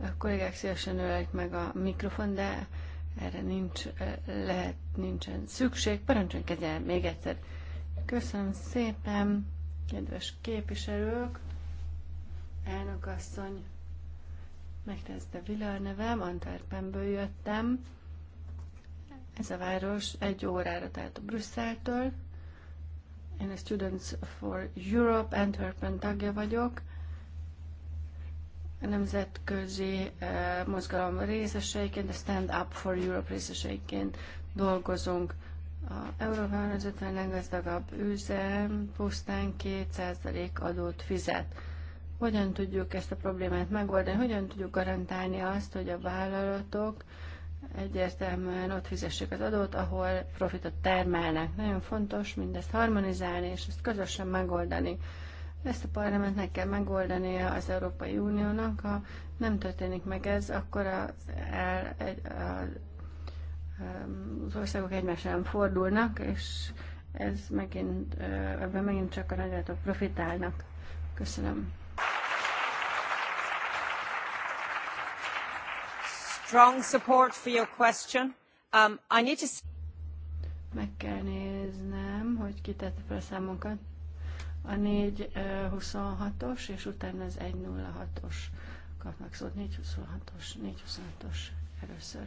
A kollégák szívesen ölelik meg a mikrofon, de erre nincs lehet nincsen szükség. Parancsoljon kezdjen még egyszer. Köszönöm szépen, kedves képviselők, elnökasszony, megkezdte Villar nevem, Antwerpenből jöttem. Ez a város egy órára, tehát a Brüsszeltől. Én a Students for Europe Antwerpen tagja vagyok. A nemzetközi uh, mozgalom részeseiként, a Stand Up for Europe részeseiként dolgozunk. A Európában az 50 leggazdagabb üzem pusztán 2% adót fizet. Hogyan tudjuk ezt a problémát megoldani? Hogyan tudjuk garantálni azt, hogy a vállalatok egyértelműen ott fizessék az adót, ahol profitot termelnek. Nagyon fontos mindezt harmonizálni, és ezt közösen megoldani. Ezt a parlamentnek kell megoldania az Európai Uniónak, ha nem történik meg ez, akkor az, el, egy, az az országok egymásán fordulnak, és ez megint, ebben megint csak a nagyjátok profitálnak. Köszönöm. Strong support for your question. Um, I need to... Meg kell néznem, hogy tette fel a számunkat. A 426-os, és utána az 106-os kapnak szót. 426-os, 426-os először.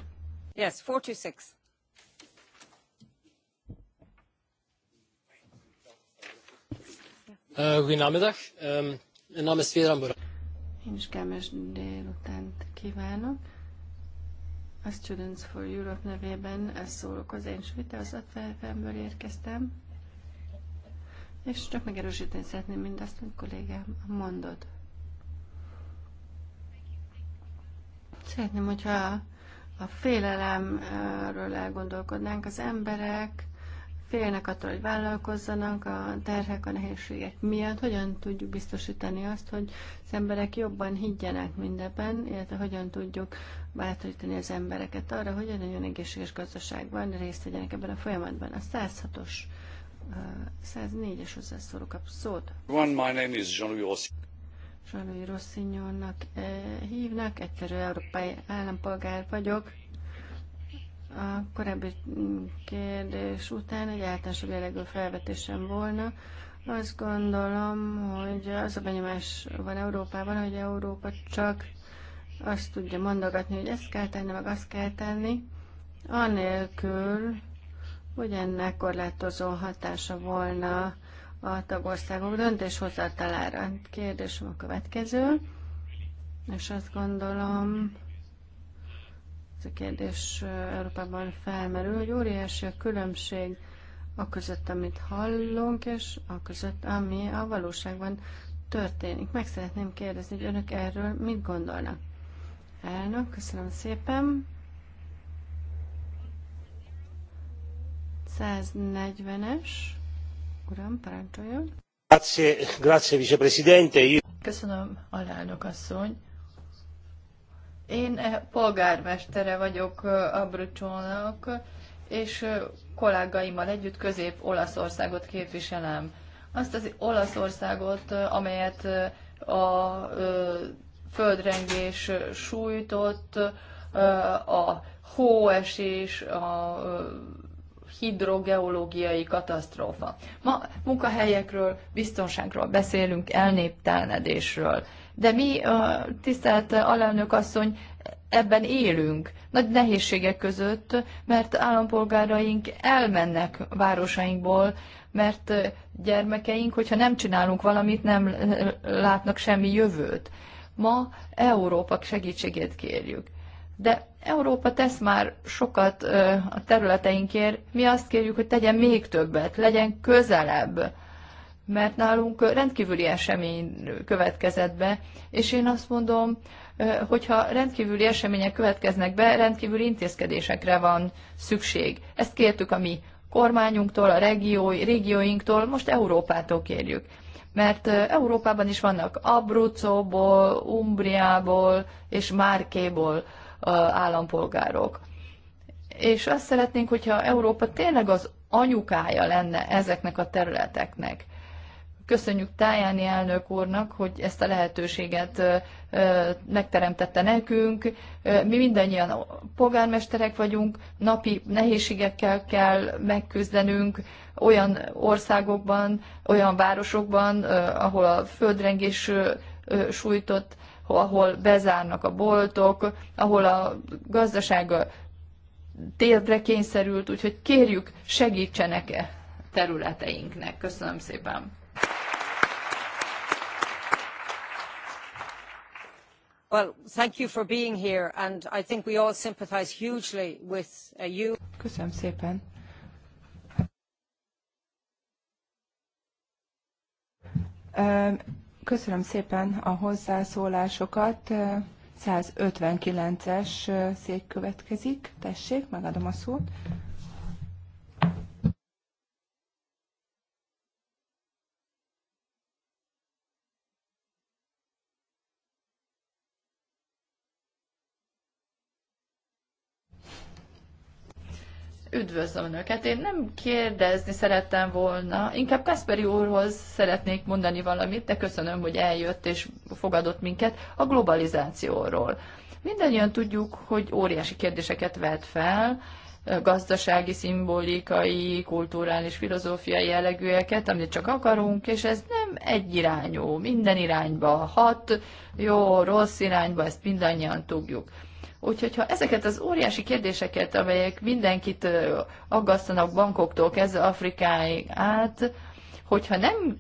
Eh, Goedenamiddag. Ehm, mijn naam is Vedran Én is kellemes délutánt kívánok. A Students for Europe nevében ezt szólok az én Svita, az ATFM-ből érkeztem. És csak megerősíteni szeretném mindazt, amit kollégám mondod. Szeretném, hogyha a félelemről elgondolkodnánk, az emberek félnek attól, hogy vállalkozzanak a terhek, a nehézségek miatt. Hogyan tudjuk biztosítani azt, hogy az emberek jobban higgyenek mindebben, illetve hogyan tudjuk bátorítani az embereket arra, hogy egy nagyon egészséges gazdaságban részt vegyenek ebben a folyamatban. A 106-os 104-es hozzászóló kap szót. One, my name is Jean-Louis Zsalói hogy eh, hívnak, egyszerű európai állampolgár vagyok. A korábbi mm, kérdés után egy általánosabb jellegű felvetésem volna. Azt gondolom, hogy az a benyomás van Európában, hogy Európa csak azt tudja mondogatni, hogy ezt kell tenni, meg azt kell tenni, anélkül, hogy ennek korlátozó hatása volna a tagországok döntéshozatalára. Kérdésem a következő, és azt gondolom, ez a kérdés Európában felmerül, hogy óriási a különbség a között, amit hallunk, és a között, ami a valóságban történik. Meg szeretném kérdezni, hogy önök erről mit gondolnak? Elnök, köszönöm szépen. 140-es. Köszönöm, alelnök asszony. Én eh, polgármestere vagyok eh, Abrucsónak, és eh, kollégáimmal együtt Közép-Olaszországot képviselem. Azt az Olaszországot, amelyet a földrengés sújtott, a hóesés, a hidrogeológiai katasztrófa. Ma munkahelyekről, biztonságról beszélünk, elnéptelnedésről. De mi, tisztelt alelnök asszony, ebben élünk, nagy nehézségek között, mert állampolgáraink elmennek városainkból, mert gyermekeink, hogyha nem csinálunk valamit, nem látnak semmi jövőt. Ma Európa segítségét kérjük de Európa tesz már sokat a területeinkért, mi azt kérjük, hogy tegyen még többet, legyen közelebb, mert nálunk rendkívüli esemény következett be, és én azt mondom, hogyha rendkívüli események következnek be, rendkívüli intézkedésekre van szükség. Ezt kértük a mi kormányunktól, a regió, régióinktól, most Európától kérjük. Mert Európában is vannak Abruzzóból, Umbriából és Márkéból állampolgárok. És azt szeretnénk, hogyha Európa tényleg az anyukája lenne ezeknek a területeknek. Köszönjük Tájáni elnök úrnak, hogy ezt a lehetőséget megteremtette nekünk. Mi mindannyian polgármesterek vagyunk, napi nehézségekkel kell megküzdenünk olyan országokban, olyan városokban, ahol a földrengés sújtott ahol bezárnak a boltok, ahol a gazdaság térdre kényszerült, úgyhogy kérjük, segítsenek -e területeinknek. Köszönöm szépen! Well, thank you for being here, and I think we all sympathize hugely with uh, you. Köszönöm szépen. Köszönöm szépen a hozzászólásokat. 159-es szék következik. Tessék, megadom a szót. üdvözlöm Önöket. Én nem kérdezni szerettem volna, inkább Kasperi úrhoz szeretnék mondani valamit, de köszönöm, hogy eljött és fogadott minket a globalizációról. Mindennyian tudjuk, hogy óriási kérdéseket vet fel, gazdasági, szimbolikai, kulturális, filozófiai jellegűeket, amit csak akarunk, és ez nem egyirányú, minden irányba hat, jó, rossz irányba, ezt mindannyian tudjuk. Úgyhogy ha ezeket az óriási kérdéseket, amelyek mindenkit aggasztanak bankoktól kezdve Afrikáig át, hogyha nem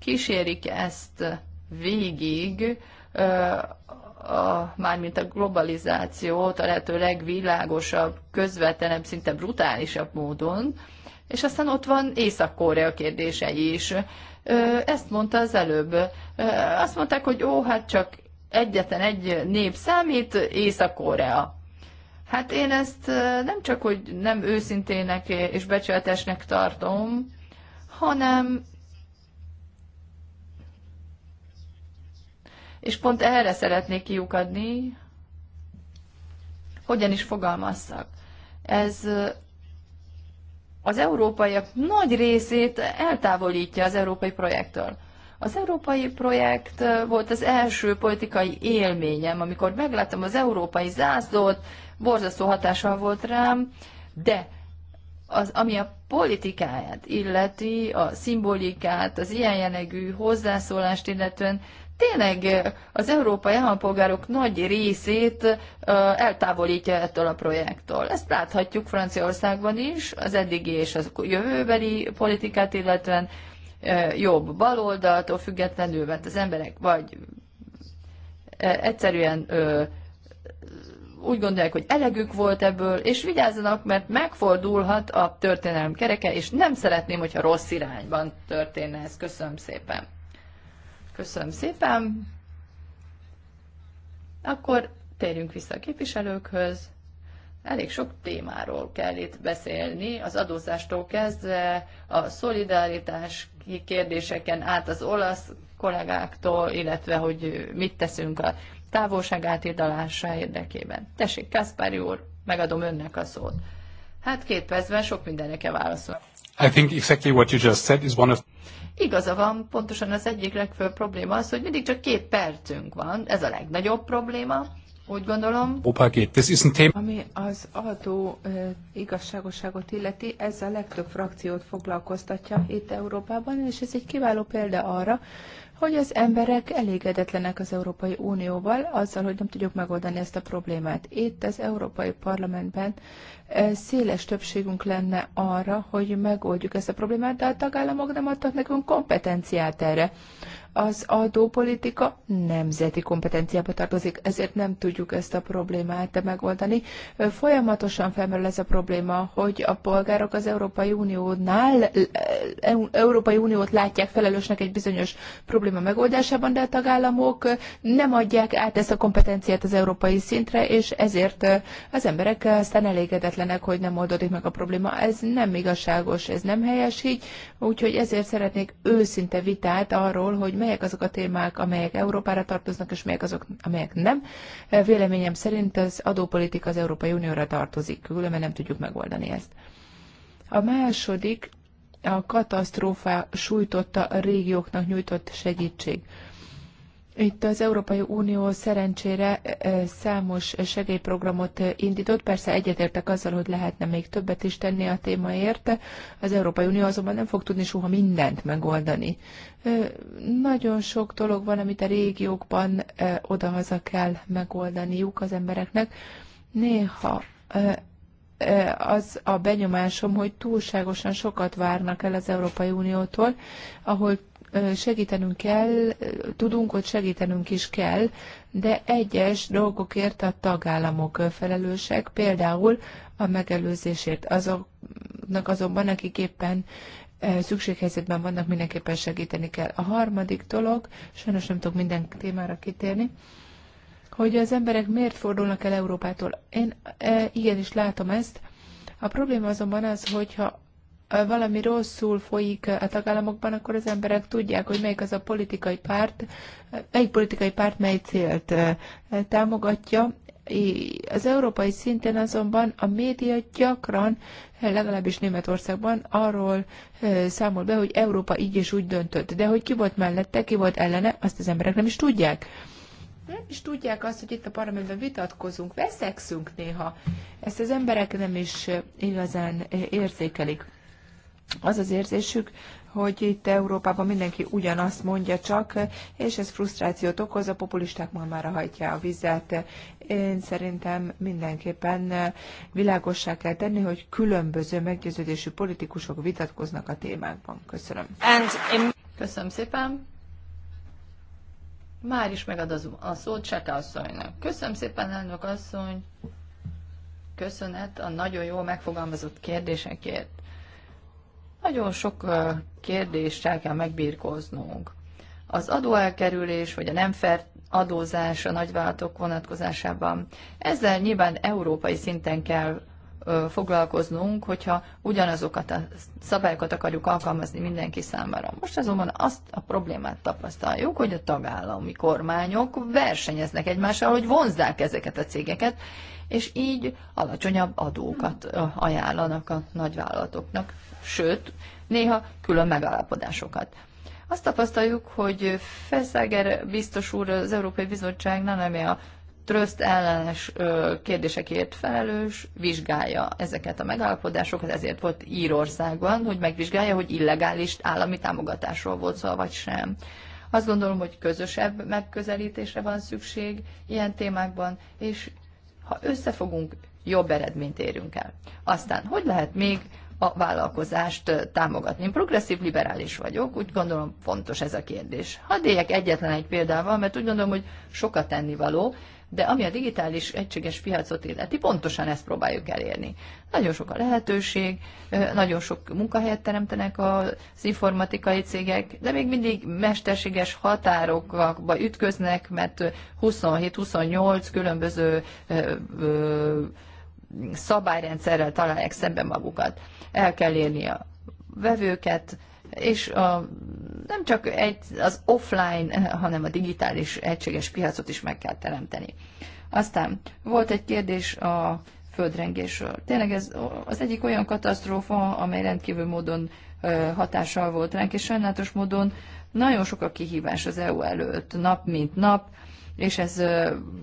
kísérik ezt végig, a, mármint a globalizációt a lehető legvilágosabb, közvetlenebb, szinte brutálisabb módon, és aztán ott van Észak-Korea kérdése is. Ezt mondta az előbb. Azt mondták, hogy ó, hát csak egyetlen egy nép számít, Észak-Korea. Hát én ezt nem csak, hogy nem őszintének és becsületesnek tartom, hanem és pont erre szeretnék kiukadni, hogyan is fogalmazzak. Ez az európaiak nagy részét eltávolítja az európai projektől. Az európai projekt volt az első politikai élményem, amikor megláttam az európai zászlót, borzasztó hatással volt rám, de az, ami a politikáját illeti, a szimbolikát, az ilyen jellegű hozzászólást illetően, tényleg az európai állampolgárok nagy részét eltávolítja ettől a projekttől. Ezt láthatjuk Franciaországban is, az eddigi és az jövőbeli politikát illetően, jobb baloldaltól függetlenül, mert az emberek vagy egyszerűen úgy gondolják, hogy elegük volt ebből, és vigyázzanak, mert megfordulhat a történelem kereke, és nem szeretném, hogyha rossz irányban történne ez. Köszönöm szépen. Köszönöm szépen. Akkor térjünk vissza a képviselőkhöz elég sok témáról kell itt beszélni, az adózástól kezdve a szolidaritás kérdéseken át az olasz kollégáktól, illetve hogy mit teszünk a távolság átidalása érdekében. Tessék, Kaspari úr, megadom önnek a szót. Hát két percben sok mindenre kell válaszolni. I think exactly what you just said is one of... Igaza van, pontosan az egyik legfőbb probléma az, hogy mindig csak két percünk van, ez a legnagyobb probléma, úgy gondolom, ami az adó igazságosságot illeti, ez a legtöbb frakciót foglalkoztatja itt Európában, és ez egy kiváló példa arra, hogy az emberek elégedetlenek az Európai Unióval, azzal, hogy nem tudjuk megoldani ezt a problémát. Itt az Európai Parlamentben széles többségünk lenne arra, hogy megoldjuk ezt a problémát, de a tagállamok nem adtak nekünk kompetenciát erre az adópolitika nemzeti kompetenciába tartozik, ezért nem tudjuk ezt a problémát megoldani. Folyamatosan felmerül ez a probléma, hogy a polgárok az Európai Uniónál, Európai Uniót látják felelősnek egy bizonyos probléma megoldásában, de a tagállamok nem adják át ezt a kompetenciát az európai szintre, és ezért az emberek aztán elégedetlenek, hogy nem oldódik meg a probléma. Ez nem igazságos, ez nem helyes így, úgyhogy ezért szeretnék őszinte vitát arról, hogy melyek azok a témák, amelyek Európára tartoznak, és melyek azok, amelyek nem. E, véleményem szerint az adópolitika az Európai Unióra tartozik, különben nem tudjuk megoldani ezt. A második a katasztrófa sújtotta a régióknak nyújtott segítség. Itt az Európai Unió szerencsére e, e, számos segélyprogramot e, indított, persze egyetértek azzal, hogy lehetne még többet is tenni a témaért, az Európai Unió azonban nem fog tudni soha mindent megoldani. Nagyon sok dolog van, amit a régiókban odahaza kell megoldaniuk az embereknek. Néha az a benyomásom, hogy túlságosan sokat várnak el az Európai Uniótól, ahol segítenünk kell, tudunk, hogy segítenünk is kell, de egyes dolgokért a tagállamok felelősek, például a megelőzésért. Azoknak azonban, akik éppen szükséghelyzetben vannak, mindenképpen segíteni kell. A harmadik dolog, sajnos nem tudok minden témára kitérni, hogy az emberek miért fordulnak el Európától. Én e, igenis látom ezt. A probléma azonban az, hogyha valami rosszul folyik a tagállamokban, akkor az emberek tudják, hogy melyik az a politikai párt, melyik politikai párt mely célt támogatja. Az európai szinten azonban a média gyakran, legalábbis Németországban arról számol be, hogy Európa így és úgy döntött. De hogy ki volt mellette, ki volt ellene, azt az emberek nem is tudják nem is tudják azt, hogy itt a parlamentben vitatkozunk, veszekszünk néha. Ezt az emberek nem is igazán érzékelik az az érzésük, hogy itt Európában mindenki ugyanazt mondja csak, és ez frusztrációt okoz, a populisták ma már hajtja a vizet. Én szerintem mindenképpen világossá kell tenni, hogy különböző meggyőződésű politikusok vitatkoznak a témákban. Köszönöm. In... Köszönöm szépen. Már is az, a szót Cseka asszonynak. Köszönöm szépen, elnök asszony. Köszönet a nagyon jól megfogalmazott kérdésekért. Nagyon sok kérdéssel kell megbírkoznunk. Az adóelkerülés vagy a nem fair adózás a nagyvállalatok vonatkozásában, ezzel nyilván európai szinten kell foglalkoznunk, hogyha ugyanazokat a szabályokat akarjuk alkalmazni mindenki számára. Most azonban azt a problémát tapasztaljuk, hogy a tagállami kormányok versenyeznek egymással, hogy vonzzák ezeket a cégeket, és így alacsonyabb adókat ajánlanak a nagyvállalatoknak, sőt, néha külön megállapodásokat. Azt tapasztaljuk, hogy Feszeger biztos úr az Európai Bizottságnál, ami a tröszt ellenes kérdésekért felelős, vizsgálja ezeket a megállapodásokat, ezért volt Írországban, hogy megvizsgálja, hogy illegális állami támogatásról volt szó, vagy sem. Azt gondolom, hogy közösebb megközelítésre van szükség ilyen témákban, és ha összefogunk, jobb eredményt érünk el. Aztán, hogy lehet még a vállalkozást támogatni. Én progresszív liberális vagyok, úgy gondolom fontos ez a kérdés. Hadd éljek egyetlen egy példával, mert úgy gondolom, hogy sokat tennivaló, való, de ami a digitális egységes piacot illeti, pontosan ezt próbáljuk elérni. Nagyon sok a lehetőség, nagyon sok munkahelyet teremtenek az informatikai cégek, de még mindig mesterséges határokba ütköznek, mert 27-28 különböző szabályrendszerrel találják szemben magukat. El kell érni a vevőket, és a, nem csak egy, az offline, hanem a digitális egységes piacot is meg kell teremteni. Aztán volt egy kérdés a földrengésről. Tényleg ez az egyik olyan katasztrófa, amely rendkívül módon hatással volt ránk, és sajnálatos módon nagyon sok a kihívás az EU előtt, nap mint nap, és ez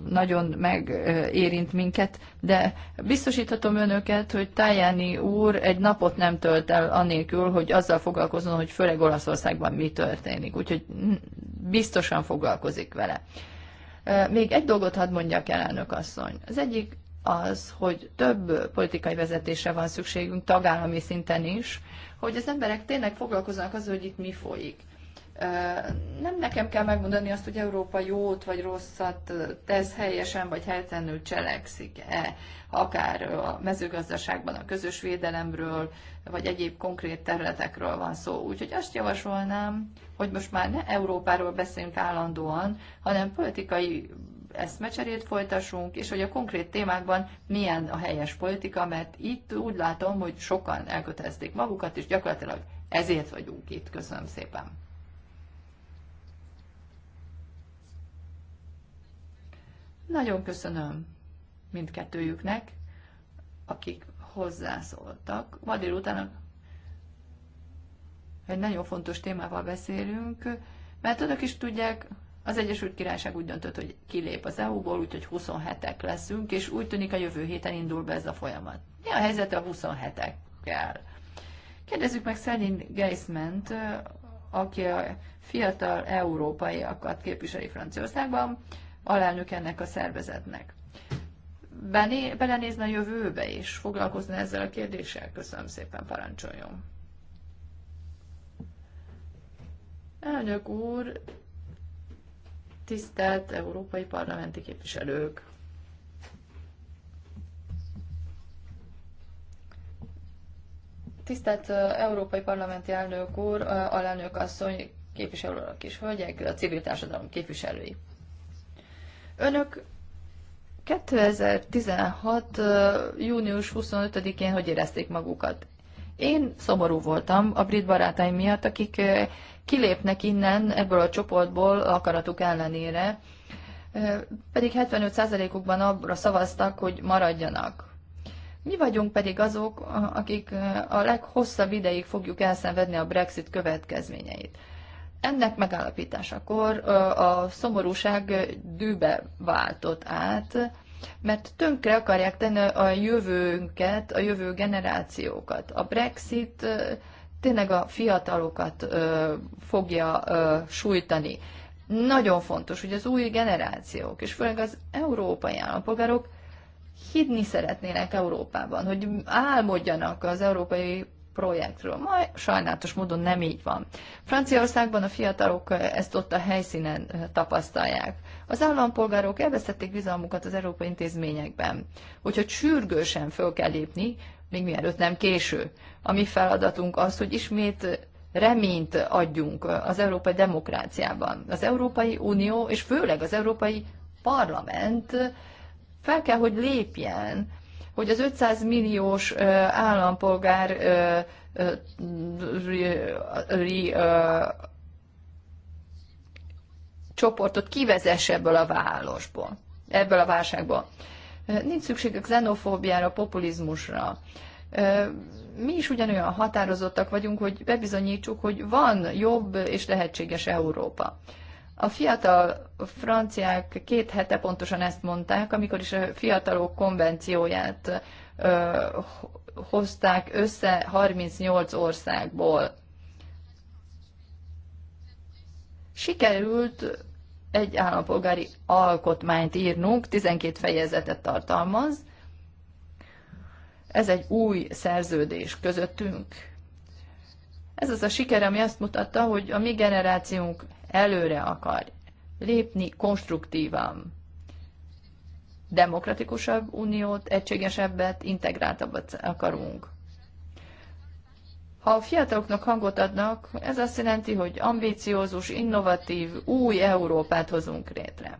nagyon megérint minket, de biztosíthatom önöket, hogy Tájáni úr egy napot nem tölt el anélkül, hogy azzal foglalkozom, hogy főleg Olaszországban mi történik, úgyhogy biztosan foglalkozik vele. Még egy dolgot hadd mondjak el, elnök asszony. Az egyik az, hogy több politikai vezetésre van szükségünk, tagállami szinten is, hogy az emberek tényleg foglalkoznak azzal, hogy itt mi folyik. Nem nekem kell megmondani azt, hogy Európa jót vagy rosszat tesz helyesen vagy helytelenül cselekszik-e, akár a mezőgazdaságban a közös védelemről, vagy egyéb konkrét területekről van szó. Úgyhogy azt javasolnám, hogy most már ne Európáról beszéljünk állandóan, hanem politikai eszmecserét folytassunk, és hogy a konkrét témákban milyen a helyes politika, mert itt úgy látom, hogy sokan elkötelezték magukat, és gyakorlatilag ezért vagyunk itt. Köszönöm szépen! Nagyon köszönöm mindkettőjüknek, akik hozzászóltak. Ma délután egy nagyon fontos témával beszélünk, mert önök is tudják, az Egyesült Királyság úgy döntött, hogy kilép az EU-ból, úgyhogy 27-ek leszünk, és úgy tűnik a jövő héten indul be ez a folyamat. Mi a helyzet a 27-ekkel? Kérdezzük meg Szelin Geisment, aki a fiatal európaiakat képviseli Franciaországban alelnök ennek a szervezetnek. Bené, belenézne a jövőbe és foglalkozna ezzel a kérdéssel? Köszönöm szépen, parancsoljon. Elnök úr, tisztelt európai parlamenti képviselők! Tisztelt Európai Parlamenti Elnök úr, alelnök asszony, képviselők és hölgyek, a civil társadalom képviselői. Önök 2016. június 25-én hogy érezték magukat? Én szomorú voltam a brit barátaim miatt, akik kilépnek innen ebből a csoportból akaratuk ellenére, pedig 75%-ukban abra szavaztak, hogy maradjanak. Mi vagyunk pedig azok, akik a leghosszabb ideig fogjuk elszenvedni a Brexit következményeit. Ennek megállapításakor a szomorúság dűbe váltott át, mert tönkre akarják tenni a jövőnket, a jövő generációkat. A Brexit tényleg a fiatalokat fogja sújtani. Nagyon fontos, hogy az új generációk, és főleg az európai állampolgárok hidni szeretnének Európában, hogy álmodjanak az európai projektről. Ma sajnálatos módon nem így van. Franciaországban a fiatalok ezt ott a helyszínen tapasztalják. Az állampolgárok elvesztették bizalmukat az európai intézményekben. Úgyhogy sürgősen föl kell lépni, még mielőtt nem késő. A mi feladatunk az, hogy ismét reményt adjunk az európai demokráciában. Az Európai Unió, és főleg az Európai Parlament fel kell, hogy lépjen, hogy az 500 milliós állampolgár csoportot kivezesse ebből a válosból, ebből a válságból. Nincs szükség a xenofóbiára, populizmusra. Mi is ugyanolyan határozottak vagyunk, hogy bebizonyítsuk, hogy van jobb és lehetséges Európa. A fiatal franciák két hete pontosan ezt mondták, amikor is a fiatalok konvencióját ö, hozták össze 38 országból. Sikerült egy állampolgári alkotmányt írnunk, 12 fejezetet tartalmaz. Ez egy új szerződés közöttünk. Ez az a siker, ami azt mutatta, hogy a mi generációnk előre akar lépni konstruktívan. Demokratikusabb uniót, egységesebbet, integráltabbat akarunk. Ha a fiataloknak hangot adnak, ez azt jelenti, hogy ambíciózus, innovatív, új Európát hozunk létre.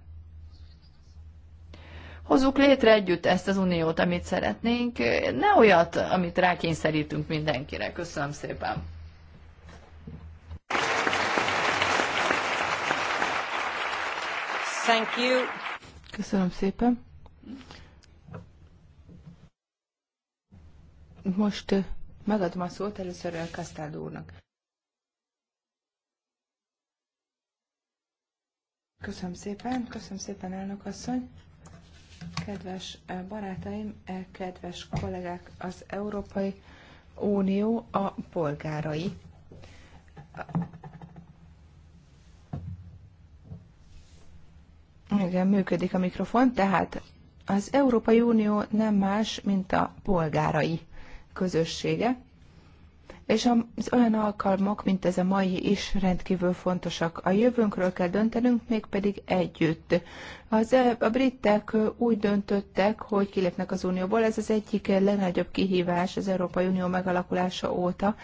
Hozzuk létre együtt ezt az uniót, amit szeretnénk, ne olyat, amit rákényszerítünk mindenkire. Köszönöm szépen! Thank you. Köszönöm szépen. Most eh, megadom a szót először a Kasztáld úrnak. Köszönöm szépen, köszönöm szépen, elnök asszony. Kedves eh, barátaim, eh, kedves kollégák, az Európai Unió a polgárai. Igen, működik a mikrofon, tehát az Európai Unió nem más, mint a polgárai közössége, és az olyan alkalmak, mint ez a mai is rendkívül fontosak. A jövőnkről kell döntenünk, mégpedig együtt. Az, eh, a britek eh, úgy döntöttek, hogy kilépnek az Unióból, ez az egyik legnagyobb kihívás az Európai Unió megalakulása óta,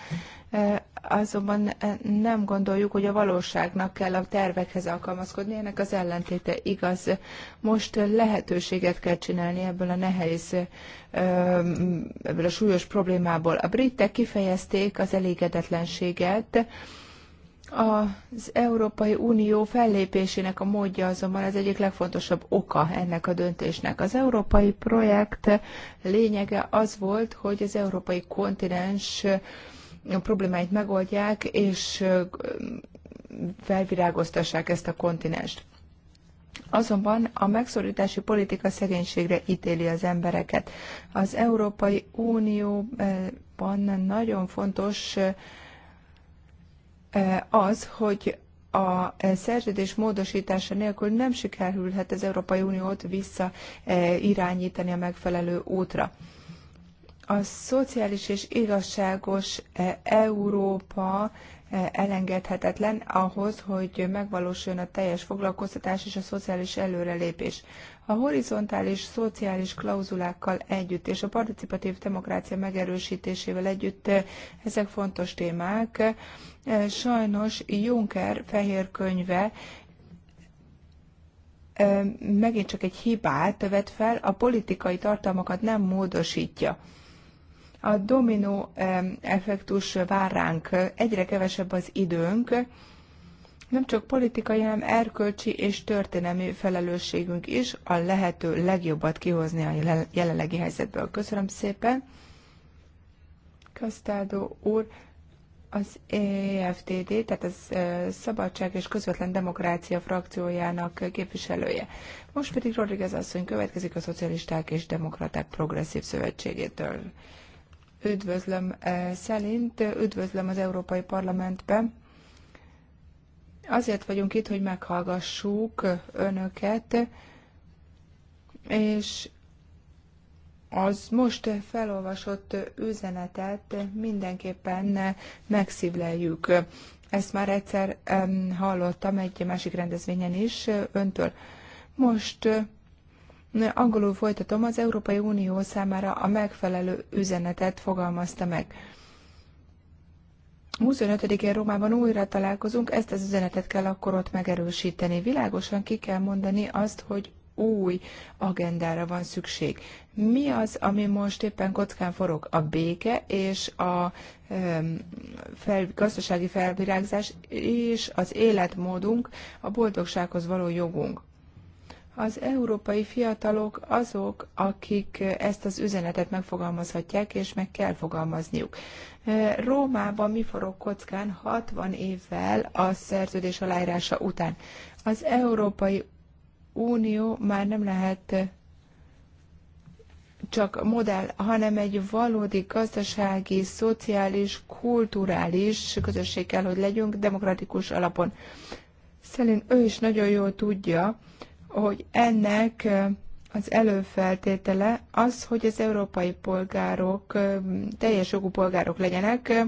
azonban nem gondoljuk, hogy a valóságnak kell a tervekhez alkalmazkodni, ennek az ellentéte igaz. Most lehetőséget kell csinálni ebből a nehéz, ebből a súlyos problémából. A britek kifejezték az elégedetlenséget, az Európai Unió fellépésének a módja azonban az egyik legfontosabb oka ennek a döntésnek. Az európai projekt lényege az volt, hogy az európai kontinens problémáit megoldják, és felvirágoztassák ezt a kontinenst. Azonban a megszorítási politika szegénységre ítéli az embereket. Az Európai Unióban nagyon fontos az, hogy a szerződés módosítása nélkül nem sikerülhet az Európai Uniót vissza irányítani a megfelelő útra. A szociális és igazságos e, Európa e, elengedhetetlen ahhoz, hogy megvalósuljon a teljes foglalkoztatás és a szociális előrelépés. A horizontális szociális klauzulákkal együtt és a participatív demokrácia megerősítésével együtt e, ezek fontos témák. Sajnos Juncker fehér könyve megint csak egy hibát vet fel, a politikai tartalmakat nem módosítja. A dominó effektus vár ránk, egyre kevesebb az időnk, nem csak politikai, hanem erkölcsi és történelmi felelősségünk is a lehető legjobbat kihozni a jelenlegi helyzetből. Köszönöm szépen. Kasztádó úr, az EFTD, tehát az e, Szabadság és Közvetlen Demokrácia frakciójának képviselője. Most pedig Rodriguez asszony következik a Szocialisták és Demokraták Progresszív Szövetségétől üdvözlöm eh, szerint, üdvözlöm az Európai Parlamentben. Azért vagyunk itt, hogy meghallgassuk önöket, és az most felolvasott üzenetet mindenképpen megszívleljük. Ezt már egyszer hallottam egy másik rendezvényen is öntől. Most Angolul folytatom, az Európai Unió számára a megfelelő üzenetet fogalmazta meg. 25-én Rómában újra találkozunk, ezt az üzenetet kell akkor ott megerősíteni. Világosan ki kell mondani azt, hogy új agendára van szükség. Mi az, ami most éppen kockán forog? A béke és a fel, gazdasági felvirágzás és az életmódunk, a boldogsághoz való jogunk. Az európai fiatalok azok, akik ezt az üzenetet megfogalmazhatják, és meg kell fogalmazniuk. Rómában mi forog kockán 60 évvel a szerződés aláírása után. Az Európai Unió már nem lehet csak modell, hanem egy valódi gazdasági, szociális, kulturális közösség kell, hogy legyünk demokratikus alapon. Szelin ő is nagyon jól tudja, hogy ennek az előfeltétele az, hogy az európai polgárok teljes jogú polgárok legyenek,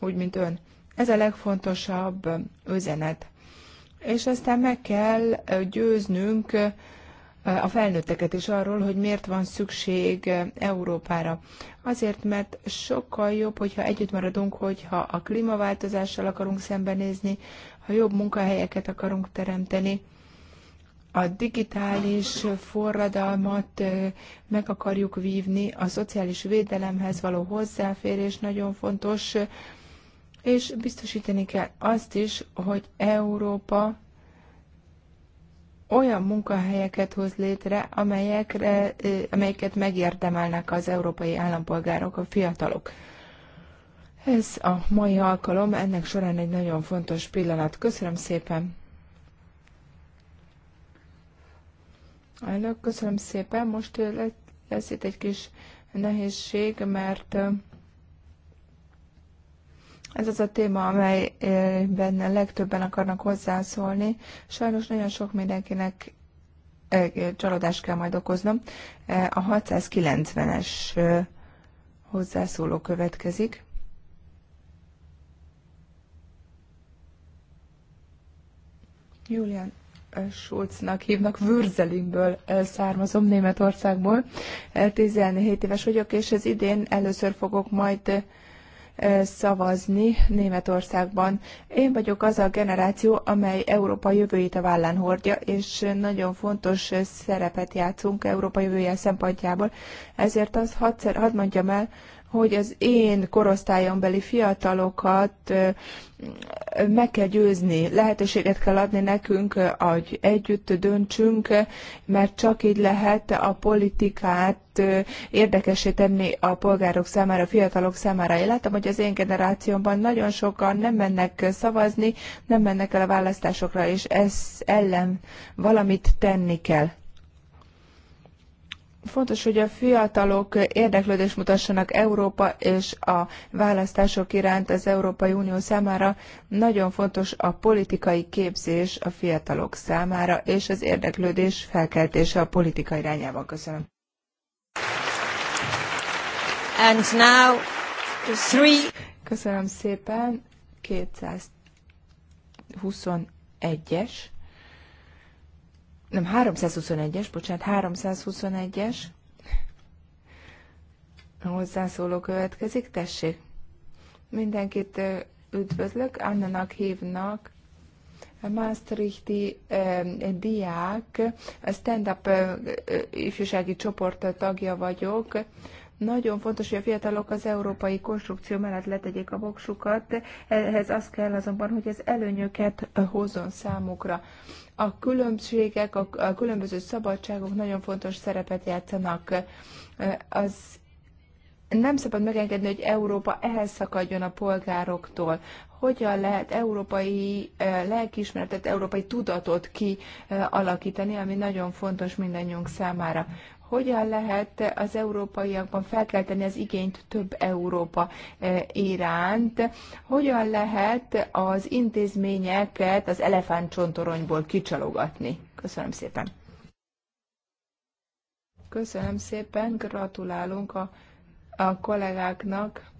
úgy, mint ön. Ez a legfontosabb üzenet. És aztán meg kell győznünk a felnőtteket is arról, hogy miért van szükség Európára. Azért, mert sokkal jobb, hogyha együtt maradunk, hogyha a klímaváltozással akarunk szembenézni, ha jobb munkahelyeket akarunk teremteni, a digitális forradalmat meg akarjuk vívni, a szociális védelemhez való hozzáférés nagyon fontos, és biztosítani kell azt is, hogy Európa olyan munkahelyeket hoz létre, amelyekre, amelyeket megérdemelnek az európai állampolgárok, a fiatalok. Ez a mai alkalom, ennek során egy nagyon fontos pillanat. Köszönöm szépen! Elnök, köszönöm szépen. Most lesz itt egy kis nehézség, mert ez az a téma, amelyben legtöbben akarnak hozzászólni. Sajnos nagyon sok mindenkinek csalódást kell majd okoznom. A 690-es hozzászóló következik. Julian Schulznak hívnak, Würzelingből származom, Németországból. 17 eh, éves vagyok, és ez idén először fogok majd eh, szavazni Németországban. Én vagyok az a generáció, amely Európa jövőjét a vállán hordja, és nagyon fontos eh, szerepet játszunk Európa jövője szempontjából. Ezért az hadd, hadd mondjam el, hogy az én korosztályombeli fiatalokat meg kell győzni, lehetőséget kell adni nekünk, hogy együtt döntsünk, mert csak így lehet a politikát érdekesé tenni a polgárok számára, a fiatalok számára. Én látom, hogy az én generációmban nagyon sokan nem mennek szavazni, nem mennek el a választásokra, és ez ellen valamit tenni kell. Fontos, hogy a fiatalok érdeklődést mutassanak Európa és a választások iránt az Európai Unió számára. Nagyon fontos a politikai képzés a fiatalok számára, és az érdeklődés felkeltése a politika irányába. Köszönöm. And now three. Köszönöm szépen. 221-es nem 321-es, bocsánat, 321-es hozzászóló következik, tessék. Mindenkit üdvözlök, Annanak hívnak, Maastrichti eh, diák, a stand-up eh, ifjúsági csoport tagja vagyok, nagyon fontos, hogy a fiatalok az európai konstrukció mellett letegyék a voksukat, ehhez az kell azonban, hogy ez előnyöket hozzon számukra. A különbségek, a különböző szabadságok nagyon fontos szerepet játszanak. Az nem szabad megengedni, hogy Európa elszakadjon a polgároktól. Hogyan lehet európai eh, lelkismeretet, európai tudatot kialakítani, ami nagyon fontos mindannyiunk számára hogyan lehet az európaiakban felkelteni az igényt több Európa e, iránt, hogyan lehet az intézményeket az elefántcsontoronyból kicsalogatni. Köszönöm szépen! Köszönöm szépen, gratulálunk a, a kollégáknak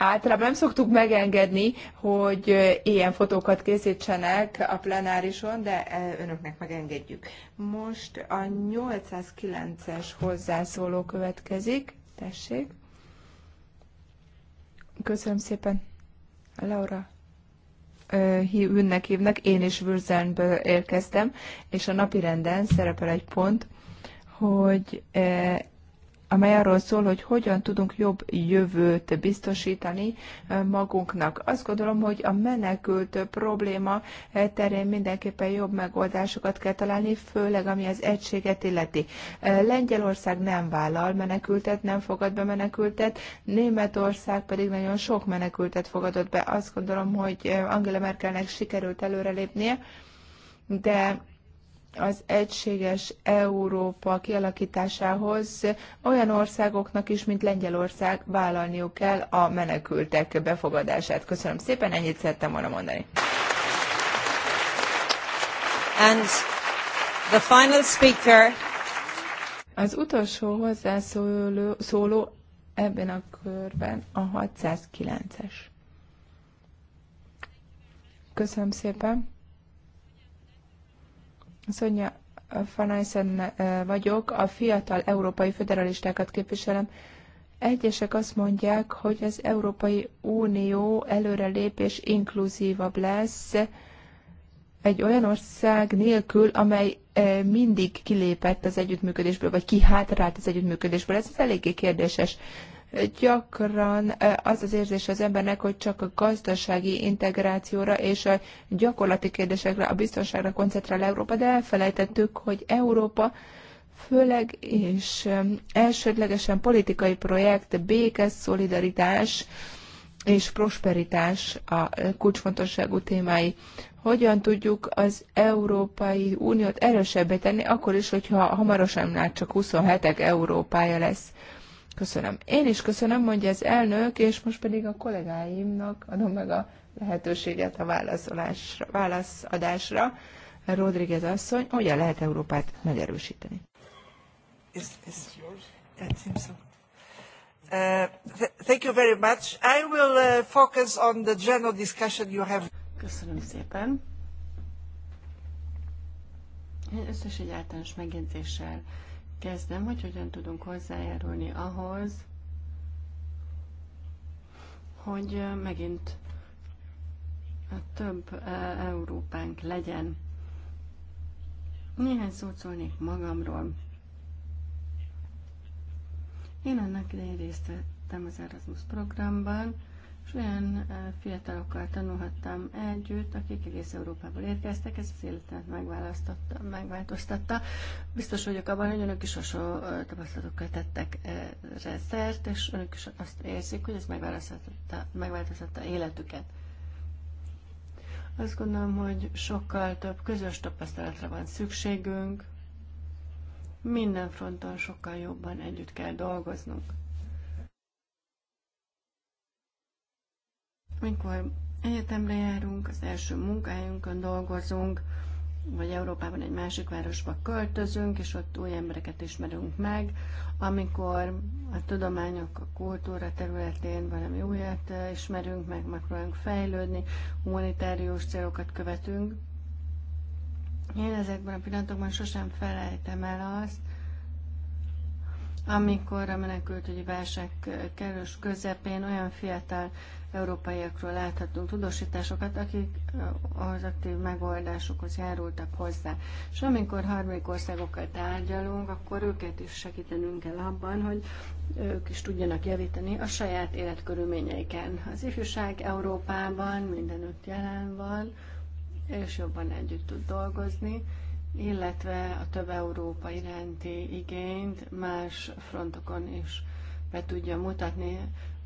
Általában nem szoktuk megengedni, hogy ilyen fotókat készítsenek a plenárison, de önöknek megengedjük. Most a 809-es hozzászóló következik. Tessék. Köszönöm szépen. Laura hívnek hívnak, én is Würzelnből érkeztem, és a napi renden szerepel egy pont, hogy amely arról szól, hogy hogyan tudunk jobb jövőt biztosítani magunknak. Azt gondolom, hogy a menekült probléma terén mindenképpen jobb megoldásokat kell találni, főleg ami az egységet illeti. Lengyelország nem vállal menekültet, nem fogad be menekültet, Németország pedig nagyon sok menekültet fogadott be. Azt gondolom, hogy Angela Merkelnek sikerült előrelépnie, de az egységes Európa kialakításához olyan országoknak is, mint Lengyelország vállalniuk kell a menekültek befogadását. Köszönöm szépen, ennyit szerettem volna mondani. And the final speaker. Az utolsó hozzászóló szóló ebben a körben a 609-es. Köszönöm szépen. Szonya Fanaisen eh, vagyok, a fiatal európai federalistákat képviselem. Egyesek azt mondják, hogy az Európai Unió előrelépés inkluzívabb lesz egy olyan ország nélkül, amely eh, mindig kilépett az együttműködésből, vagy kihátrált az együttműködésből. Ez eléggé kérdéses. Gyakran eh, az az érzés az embernek, hogy csak a gazdasági integrációra és a gyakorlati kérdésekre, a biztonságra koncentrál Európa, de elfelejtettük, hogy Európa főleg és eh, elsődlegesen politikai projekt, béke, szolidaritás és prosperitás a eh, kulcsfontosságú témái. Hogyan tudjuk az Európai Uniót erősebbé tenni, akkor is, hogyha hamarosan már csak 27 Európája lesz. Köszönöm. Én is köszönöm, mondja az elnök, és most pedig a kollégáimnak adom meg a lehetőséget a válaszolásra, válaszadásra. Rodriguez asszony, hogyan lehet Európát megerősíteni? Is, is yours? That so. Uh, th thank you very much. I will uh, focus on the general discussion you have. Köszönöm szépen. Én összes egy általános megjegyzéssel kezdem, hogy hogyan tudunk hozzájárulni ahhoz, hogy megint több Európánk legyen. Néhány szót szólnék magamról. Én annak idején részt vettem az Erasmus programban, és olyan fiatalokkal tanulhattam együtt, akik egész Európából érkeztek, ez az életet megváltoztatta. Biztos vagyok abban, hogy önök is hasonló tapasztalatokkal tettek erre szert, és önök is azt érzik, hogy ez megváltoztatta, megváltoztatta életüket. Azt gondolom, hogy sokkal több közös tapasztalatra van szükségünk, minden fronton sokkal jobban együtt kell dolgoznunk. Mikor egyetemre járunk, az első munkájunkon dolgozunk, vagy Európában egy másik városba költözünk, és ott új embereket ismerünk meg. Amikor a tudományok, a kultúra területén valami újat eh, ismerünk meg, megpróbálunk fejlődni, humanitárius célokat követünk. Én ezekben a pillanatokban sosem felejtem el azt, amikor a menekültügyi válság eh, kerős közepén olyan fiatal európaiakról láthatunk tudósításokat, akik az aktív megoldásokhoz járultak hozzá. És amikor harmadik országokkal tárgyalunk, akkor őket is segítenünk kell abban, hogy ők is tudjanak javítani a saját életkörülményeiken. Az ifjúság Európában mindenütt jelen van, és jobban együtt tud dolgozni, illetve a több Európa iránti igényt más frontokon is be tudja mutatni.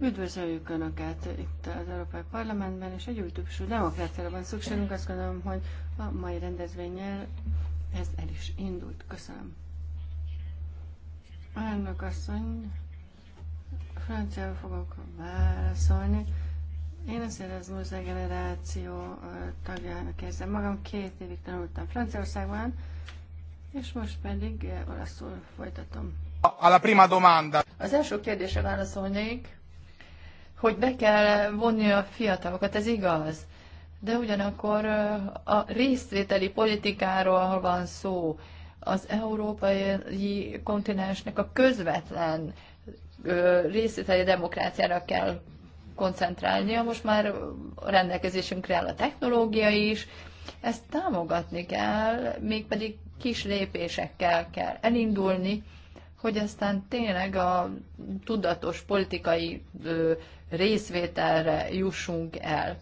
Üdvözöljük Önöket itt az Európai Parlamentben, és egy új típusú demokráciára van szükségünk. Azt gondolom, hogy a mai rendezvényel ez el is indult. Köszönöm. Elnök asszony, franciául fogok válaszolni. Én az Erasmus generáció tagjának érzem magam. Két évig tanultam Franciaországban, és most pedig olaszul folytatom. A, a prima domanda. Az első kérdésre válaszolnék hogy be kell vonni a fiatalokat, ez igaz. De ugyanakkor a részvételi politikáról van szó, az európai kontinensnek a közvetlen részvételi demokráciára kell koncentrálnia. Most már rendelkezésünkre áll a technológia is, ezt támogatni kell, mégpedig kis lépésekkel kell elindulni, hogy aztán tényleg a tudatos politikai részvételre jussunk el.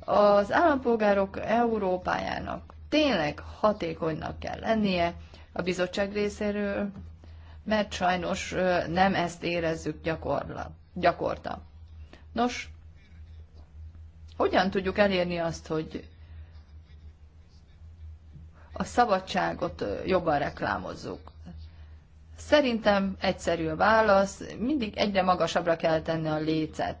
Az állampolgárok Európájának tényleg hatékonynak kell lennie a bizottság részéről, mert sajnos nem ezt érezzük gyakorla, gyakorta. Nos, hogyan tudjuk elérni azt, hogy a szabadságot jobban reklámozzuk? Szerintem egyszerű a válasz, mindig egyre magasabbra kell tenni a lécet.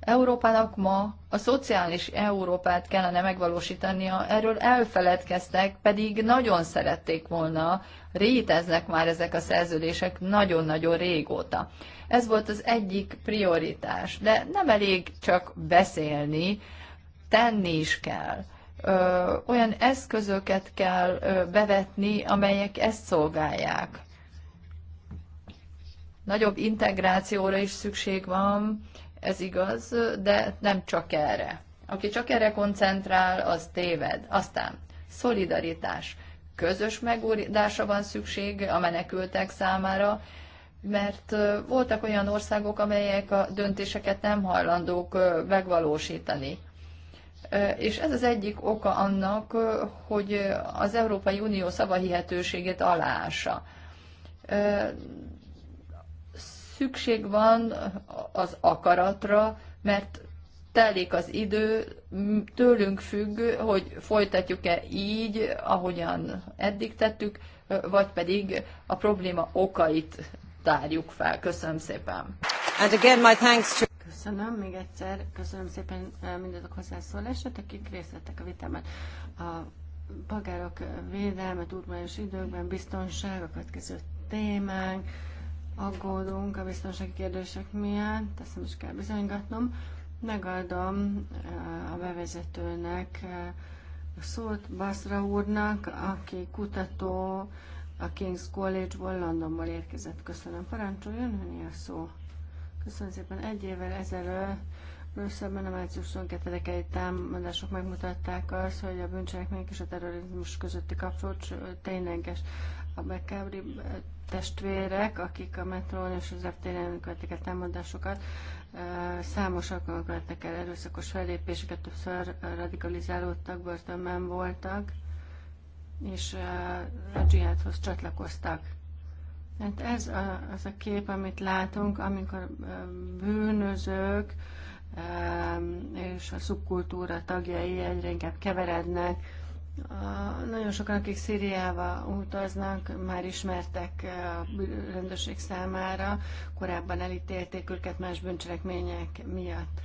Európának ma a szociális Európát kellene megvalósítania, erről elfeledkeztek, pedig nagyon szerették volna, réteznek már ezek a szerződések nagyon-nagyon régóta. Ez volt az egyik prioritás, de nem elég csak beszélni, tenni is kell. Ö, olyan eszközöket kell ö, bevetni, amelyek ezt szolgálják Nagyobb integrációra is szükség van, ez igaz, de nem csak erre. Aki csak erre koncentrál, az téved. Aztán szolidaritás. Közös megoldásra van szükség a menekültek számára, mert voltak olyan országok, amelyek a döntéseket nem hajlandók megvalósítani. És ez az egyik oka annak, hogy az Európai Unió szavahihetőségét aláássa szükség van az akaratra, mert telik az idő, tőlünk függ, hogy folytatjuk-e így, ahogyan eddig tettük, vagy pedig a probléma okait tárjuk fel. Köszönöm szépen. And again my thanks to... Köszönöm még egyszer, köszönöm szépen mindazok hozzászólását, akik részt vettek a vitában. A polgárok védelme, útmányos időkben, biztonság, a következő témánk aggódunk a biztonsági kérdések miatt, ezt nem is kell bizonygatnom. Megadom eh, a bevezetőnek eh, a szót Basra úrnak, aki kutató a King's College-ból, Londonból érkezett. Köszönöm, parancsoljon, hogy a szó. Köszönöm szépen. Egy évvel ezelőtt Brüsszelben a március 22-i támadások megmutatták azt, hogy a bűncselekmények és a terrorizmus közötti kapcsolat tényleges a Bekábri testvérek, akik a metrón és az reptéren követik a támadásokat, számos alkalommal követtek el erőszakos fellépéseket, többször radikalizálódtak, börtönben voltak, és a dzsihádhoz csatlakoztak. Hát ez a, az a kép, amit látunk, amikor bűnözők és a szubkultúra tagjai egyre inkább keverednek, nagyon sokan, akik Szíriába utaznak, már ismertek a rendőrség számára, korábban elítélték őket más bűncselekmények miatt.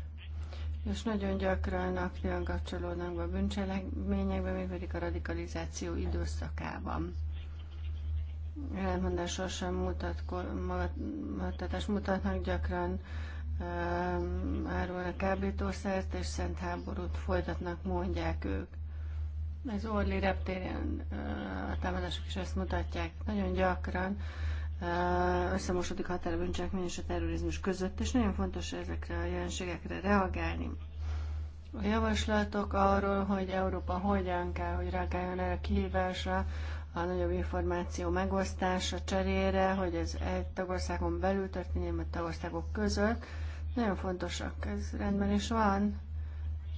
És nagyon gyakran aktívan kapcsolódnak be a bűncselekményekbe, mégpedig a radikalizáció időszakában. Ellentmondással sem mutatko, mutatnak gyakran, árulnak kábítószert és szent háborút folytatnak, mondják ők az Orli reptéren a támadások is ezt mutatják. Nagyon gyakran összemosodik határbűncselekmény és a terrorizmus között, és nagyon fontos ezekre a jelenségekre reagálni. A javaslatok arról, hogy Európa hogyan kell, hogy reagáljon erre a kihívásra, a nagyobb információ megosztása cserére, hogy ez egy tagországon belül történjen, vagy tagországok között, nagyon fontosak. Ez rendben is van,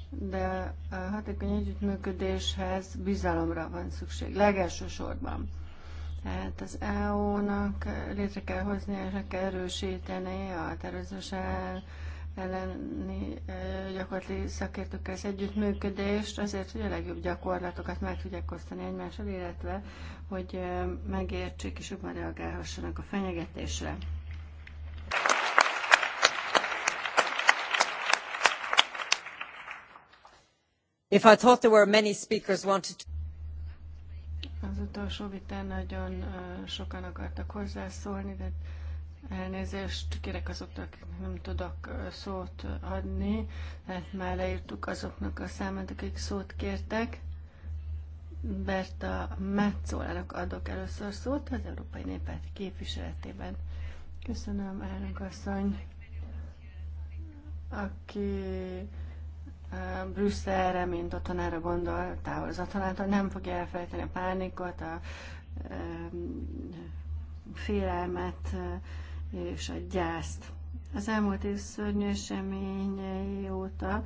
de a hatékony együttműködéshez bizalomra van szükség, legelsősorban. Tehát az EU-nak létre kell hozni, és kell erősíteni a tervezős elleni gyakorlati szakértőkkel az együttműködést, azért, hogy a legjobb gyakorlatokat meg tudják osztani egymással, illetve, hogy megértsék és jobban reagálhassanak a fenyegetésre. If I thought there were many speakers wanted to... Az utolsó vitán nagyon uh, sokan akartak hozzászólni, de elnézést kérek azoknak, nem tudok uh, szót adni, mert már leírtuk azoknak a számát, akik szót kértek. Berta Metzolának adok először szót az Európai Népet képviseletében. Köszönöm, elnök asszony, aki Brüsszelre, mint a tanára gondol, távol a tanától, nem fogja elfelejteni a pánikot, a félelmet és a gyászt. Az elmúlt év szörnyű eseményei óta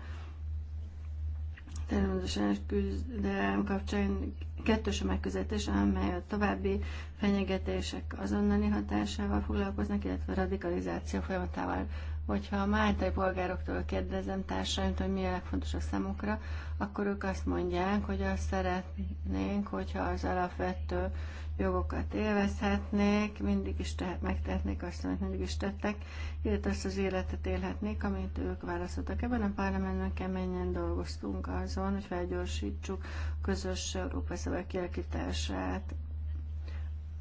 természetesen küzdelem kapcsán kettős a megközelítés, amely a további fenyegetések azonnali hatásával foglalkoznak, illetve a radikalizáció folyamatával Hogyha a máltai polgároktól kérdezem társaint, hogy mi a legfontosabb számukra, akkor ők azt mondják, hogy azt szeretnénk, hogyha az alapvető jogokat élvezhetnék, mindig is tehet, megtehetnék azt, amit mindig is tettek, illetve azt az életet élhetnék, amit ők választottak. Ebben a parlamentben keményen dolgoztunk azon, hogy felgyorsítsuk közös Európa szabály kialakítását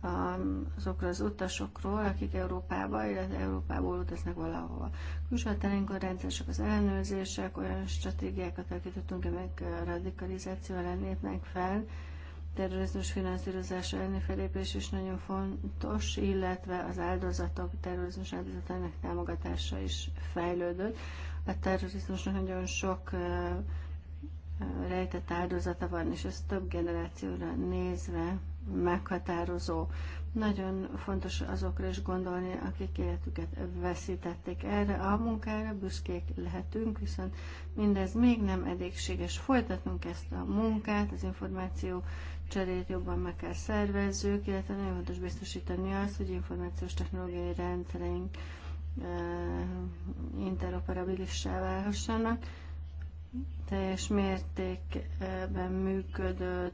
Um, azokról az utasokról, akik Európába, illetve Európából utaznak valahova. Külsőhatárinkon rendszeresek az ellenőrzések, olyan stratégiákat alakítottunk, amelyek uh, radikalizáció ellen fel, terrorizmus finanszírozása elleni felépés is nagyon fontos, illetve az áldozatok, terrorizmus áldozatának támogatása is fejlődött. A terrorizmusnak nagyon sok uh, uh, rejtett áldozata van, és ez több generációra nézve meghatározó. Nagyon fontos azokra is gondolni, akik életüket veszítették erre a munkára, büszkék lehetünk, viszont mindez még nem elégséges. Folytatnunk ezt a munkát, az információ cserét jobban meg kell szervezzük, illetve nagyon fontos biztosítani azt, hogy információs technológiai rendszereink eh, interoperabilissá válhassanak teljes mértékben működő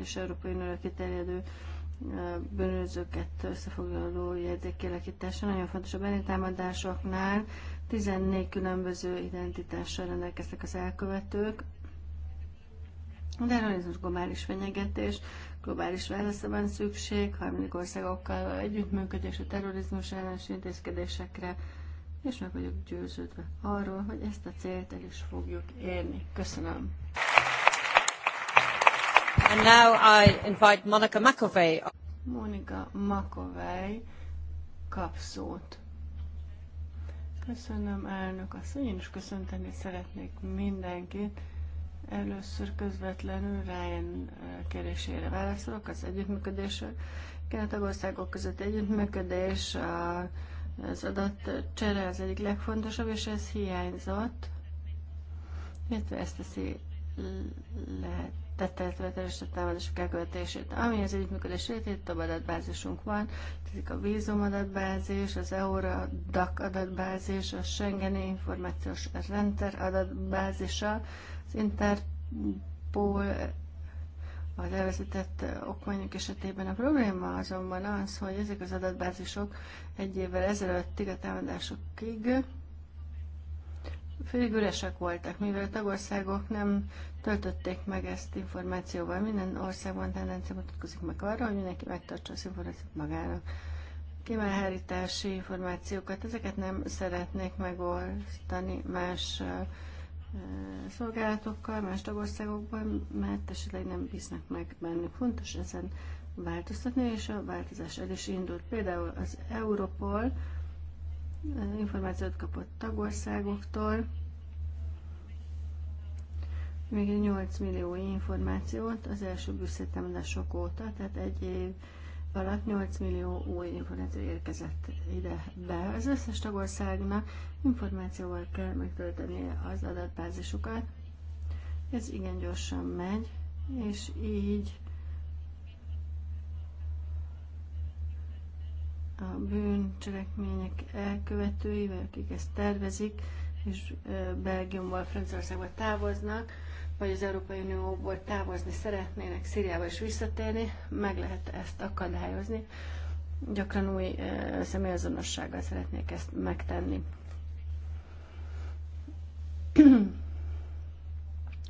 és Európai nőre kiterjedő bűnözőket összefoglaló jegyzék nagyon fontos a támadásoknál 14 különböző identitással rendelkeztek az elkövetők, de terrorizmus globális fenyegetés, globális válaszra van szükség, harmadik országokkal együttműködés a terrorizmus ellenes intézkedésekre, és meg vagyok győződve arról, hogy ezt a célt el is fogjuk érni. Köszönöm. And now I invite Monica McAvey. Monica McAvey kap szót. Köszönöm, elnök asszony, én is köszönteni szeretnék mindenkit. Először közvetlenül Ryan kérésére válaszolok az együttműködésről. kelet országok között együttműködés, a az adat csere az egyik legfontosabb, és ez hiányzott, illetve ezt teszi lehet tetteletve tereste támadások elkövetését. Ami az együttműködés létét, több adatbázisunk van, tehát a vízum adatbázis, az EURA DAC adatbázis, a Schengeni Információs Rendszer adatbázisa, az Interpol az elvezetett okmányok esetében. A probléma azonban az, hogy ezek az adatbázisok egy évvel ezelőttig a támadásokig félig üresek voltak, mivel a tagországok nem töltötték meg ezt információval. Minden országban tendencia mutatkozik meg arra, hogy mindenki megtartsa az információt magának. Kimelhárítási információkat, ezeket nem szeretnék megoldani más szolgálatokkal más tagországokban, mert esetleg nem bíznak meg bennük. Fontos ezen változtatni, és a változás el is indult. Például az Europol eh, információt kapott tagországoktól, még 8 millió információt az első bűszétámadások óta, tehát egy év alatt 8 millió új információ érkezett ide be. Az összes tagországnak információval kell megtölteni az adatbázisukat. Ez igen gyorsan megy, és így a bűncselekmények elkövetői, akik ezt tervezik, és Belgiumból Franciaországba távoznak, vagy az Európai Unióból távozni szeretnének Szíriába is visszatérni, meg lehet ezt akadályozni. Gyakran új személyazonossággal szeretnék ezt megtenni.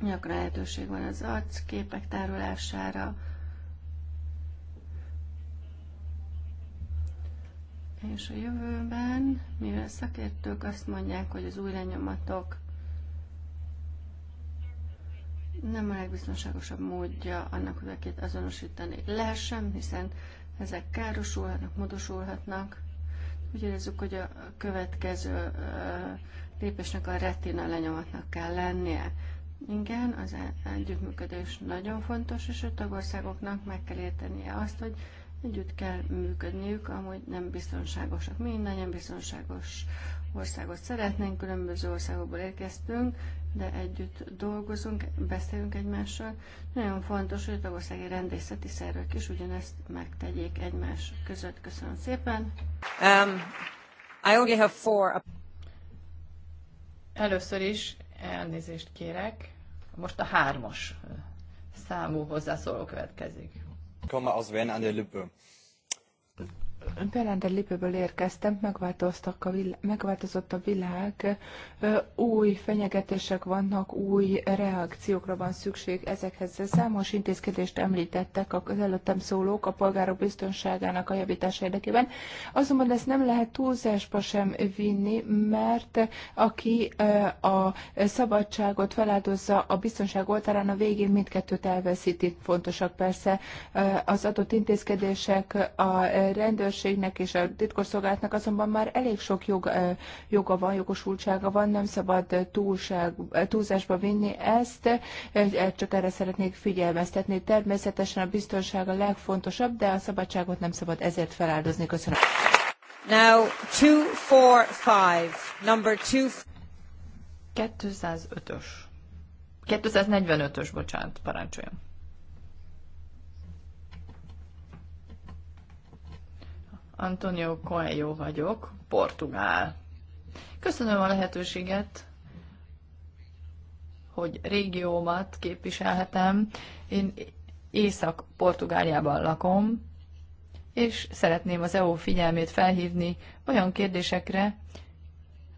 Gyakran lehetőség van az képek tárolására, És a jövőben, mivel szakértők azt mondják, hogy az új lenyomatok nem a legbiztonságosabb módja annak, hogy akit azonosítani lehessen, hiszen ezek károsulhatnak, módosulhatnak. Úgy érezzük, hogy a következő lépésnek a retina lenyomatnak kell lennie. Igen, az e- együttműködés nagyon fontos, és a tagországoknak meg kell értenie azt, hogy együtt kell működniük, amúgy nem biztonságosak. Mindannyian biztonságos országot szeretnénk, különböző országokból érkeztünk, de együtt dolgozunk, beszélünk egymással. Nagyon fontos, hogy a tagországi rendészeti szervek is ugyanezt megtegyék egymás között. Köszönöm szépen. Um, I only have four. Először is elnézést kérek. Most a hármas számú hozzászóló következik. Komma aus Wien an der Lippe. Belender Lipőből érkeztem, megváltoztak a vilá- megváltozott a világ, új fenyegetések vannak, új reakciókra van szükség ezekhez. Számos intézkedést említettek az előttem szólók a polgárok biztonságának a javítása érdekében, azonban ezt nem lehet túlzásba sem vinni, mert aki a szabadságot feláldozza a biztonság oltárán, a végén mindkettőt elveszíti. Fontosak persze az adott intézkedések, a rendőrség rendőrségnek és a titkosszolgálatnak azonban már elég sok jog, joga van, jogosultsága van, nem szabad túlság, túlzásba vinni ezt, csak erre szeretnék figyelmeztetni. Természetesen a biztonság a legfontosabb, de a szabadságot nem szabad ezért feláldozni. Köszönöm. Now, two, four, five. Number two. 205-ös. 245-ös, bocsánat, parancsoljon. Antonio Coelho vagyok, portugál. Köszönöm a lehetőséget, hogy régiómat képviselhetem. Én Észak-Portugáliában lakom, és szeretném az EU figyelmét felhívni olyan kérdésekre,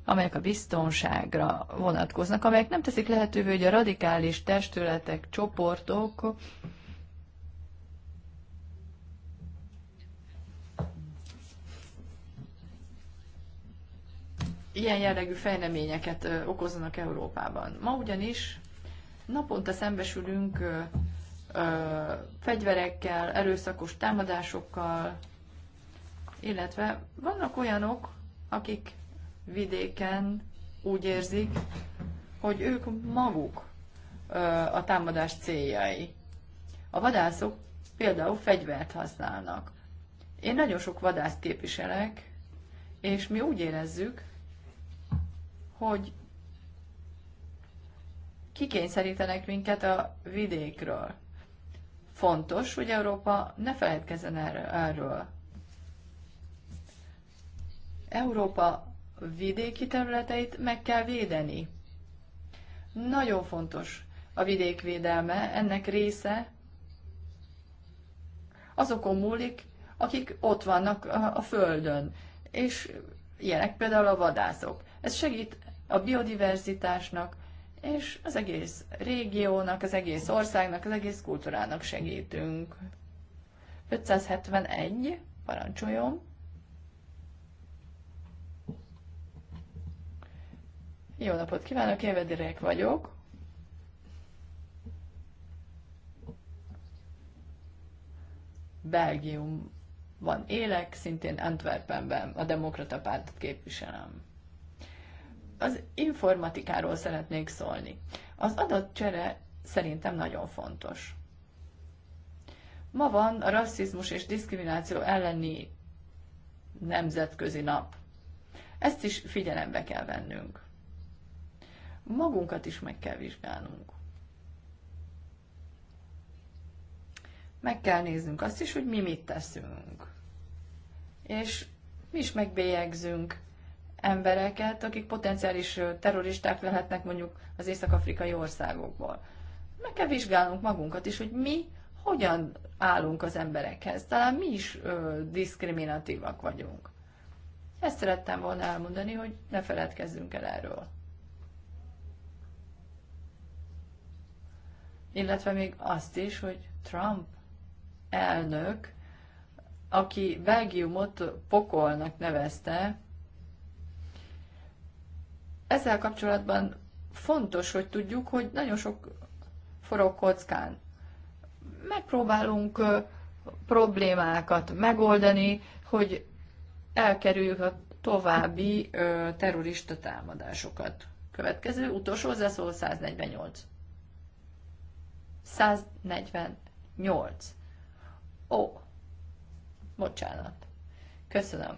amelyek a biztonságra vonatkoznak, amelyek nem teszik lehetővé, hogy a radikális testületek, csoportok ilyen jellegű fejleményeket okoznak Európában. Ma ugyanis naponta szembesülünk ö, ö, fegyverekkel, erőszakos támadásokkal, illetve vannak olyanok, akik vidéken úgy érzik, hogy ők maguk ö, a támadás céljai. A vadászok például fegyvert használnak. Én nagyon sok vadászt képviselek, és mi úgy érezzük, hogy kikényszerítenek minket a vidékről. Fontos, hogy Európa ne feledkezzen erről. Európa vidéki területeit meg kell védeni. Nagyon fontos a vidék védelme, ennek része azokon múlik, akik ott vannak a földön, és ilyenek például a vadászok. Ez segít a biodiverzitásnak, és az egész régiónak, az egész országnak, az egész kultúrának segítünk. 571, parancsoljon. Jó napot kívánok, Évedirek vagyok. Belgiumban élek, szintén Antwerpenben a Demokrata Pártot képviselem az informatikáról szeretnék szólni. Az csere szerintem nagyon fontos. Ma van a rasszizmus és diszkrimináció elleni nemzetközi nap. Ezt is figyelembe kell vennünk. Magunkat is meg kell vizsgálnunk. Meg kell néznünk azt is, hogy mi mit teszünk. És mi is megbélyegzünk, embereket, akik potenciális terroristák lehetnek mondjuk az észak-afrikai országokból. Meg kell vizsgálnunk magunkat is, hogy mi hogyan állunk az emberekhez. Talán mi is ö, diszkriminatívak vagyunk. Ezt szerettem volna elmondani, hogy ne feledkezzünk el erről. Illetve még azt is, hogy Trump elnök, aki Belgiumot pokolnak nevezte, ezzel kapcsolatban fontos, hogy tudjuk, hogy nagyon sok forog kockán. Megpróbálunk problémákat megoldani, hogy elkerüljük a további terrorista támadásokat. Következő, utolsó az 148. 148. Ó, bocsánat. Köszönöm.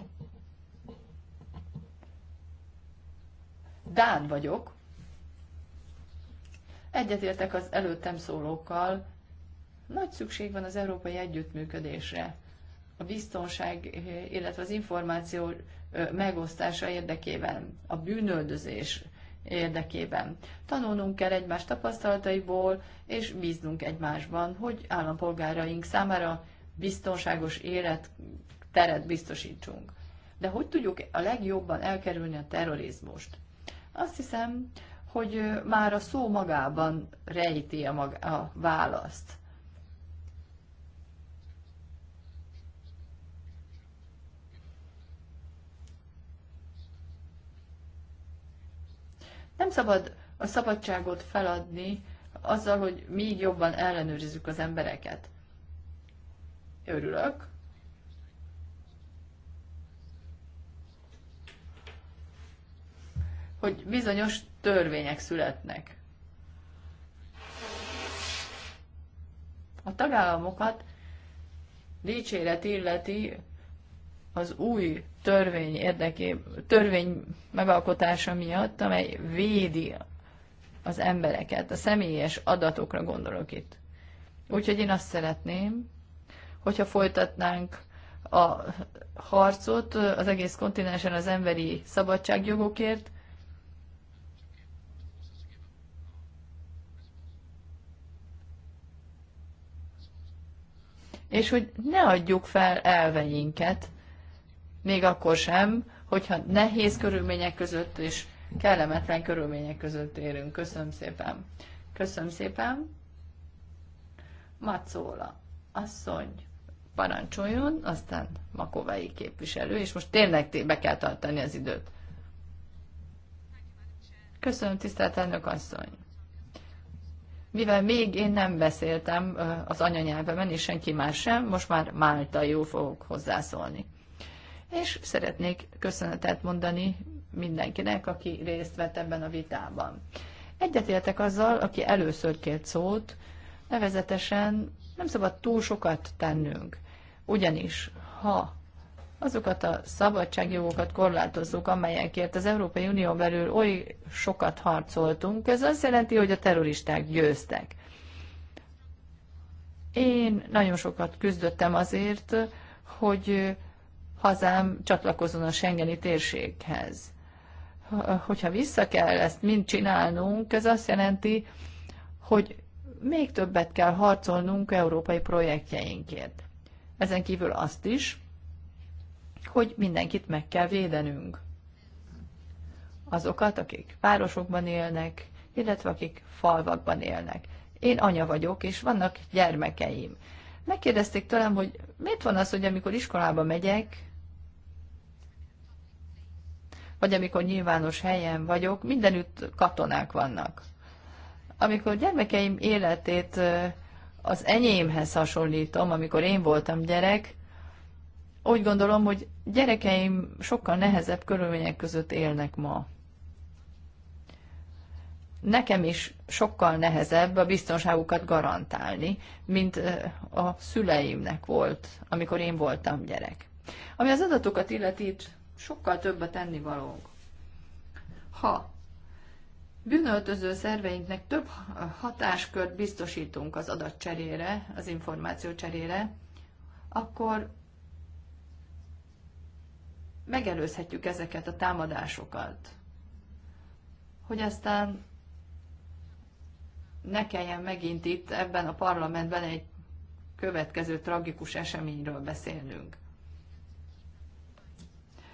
Dán vagyok. Egyetértek az előttem szólókkal. Nagy szükség van az európai együttműködésre. A biztonság, illetve az információ megosztása érdekében, a bűnöldözés érdekében. Tanulnunk kell egymás tapasztalataiból, és bíznunk egymásban, hogy állampolgáraink számára biztonságos élet teret biztosítsunk. De hogy tudjuk a legjobban elkerülni a terrorizmust? Azt hiszem, hogy már a szó magában rejti a, maga, a választ. Nem szabad a szabadságot feladni azzal, hogy még jobban ellenőrizzük az embereket. Örülök, hogy bizonyos törvények születnek. A tagállamokat dicséret illeti az új törvény érdeké, törvény megalkotása miatt, amely védi az embereket, a személyes adatokra gondolok itt. Úgyhogy én azt szeretném, hogyha folytatnánk a harcot az egész kontinensen az emberi szabadságjogokért, és hogy ne adjuk fel elveinket, még akkor sem, hogyha nehéz körülmények között és kellemetlen körülmények között érünk. Köszönöm szépen. Köszönöm szépen. Macóla, asszony, parancsoljon, aztán makovai képviselő, és most tényleg be kell tartani az időt. Köszönöm, tisztelt elnök asszony mivel még én nem beszéltem az anyanyelvemen, és senki más sem, most már jó fogok hozzászólni. És szeretnék köszönetet mondani mindenkinek, aki részt vett ebben a vitában. Egyetértek azzal, aki először kért szót, nevezetesen nem szabad túl sokat tennünk. Ugyanis, ha azokat a szabadságjogokat korlátozzuk, amelyekért az Európai Unió belül oly sokat harcoltunk, ez azt jelenti, hogy a terroristák győztek. Én nagyon sokat küzdöttem azért, hogy hazám csatlakozzon a Schengeni térséghez. Hogyha vissza kell ezt mind csinálnunk, ez azt jelenti, hogy még többet kell harcolnunk európai projektjeinkért. Ezen kívül azt is, hogy mindenkit meg kell védenünk. Azokat, akik városokban élnek, illetve akik falvakban élnek. Én anya vagyok, és vannak gyermekeim. Megkérdezték tőlem, hogy miért van az, hogy amikor iskolába megyek, vagy amikor nyilvános helyen vagyok, mindenütt katonák vannak. Amikor gyermekeim életét az enyémhez hasonlítom, amikor én voltam gyerek, úgy gondolom, hogy gyerekeim sokkal nehezebb körülmények között élnek ma. Nekem is sokkal nehezebb a biztonságukat garantálni, mint eh, a szüleimnek volt, amikor én voltam gyerek. Ami az adatokat illeti, sokkal több a tennivalónk. Ha bűnöltöző szerveinknek több hatáskört biztosítunk az adatcserére, az információcserére, akkor megelőzhetjük ezeket a támadásokat, hogy aztán ne kelljen megint itt ebben a parlamentben egy következő tragikus eseményről beszélnünk.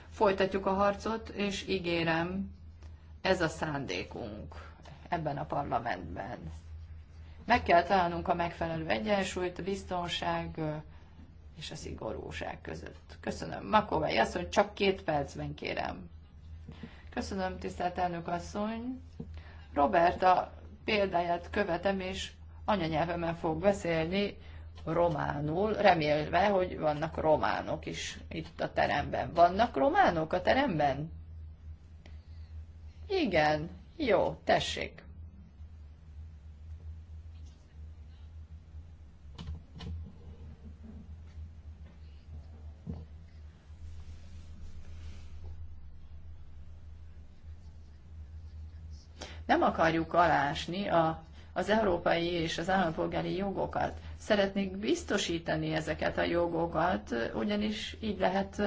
Folytatjuk a harcot, és ígérem, ez a szándékunk ebben a parlamentben. Meg kell találnunk a megfelelő egyensúlyt, biztonság, és a szigorúság között. Köszönöm. Makovai asszony, csak két percben kérem. Köszönöm, tisztelt elnök asszony. Roberta példáját követem, és anyanyelvemen fog beszélni románul, remélve, hogy vannak románok is itt a teremben. Vannak románok a teremben? Igen, jó, tessék. Nem akarjuk alásni a, az európai és az állampolgári jogokat. Szeretnék biztosítani ezeket a jogokat, ugyanis így lehet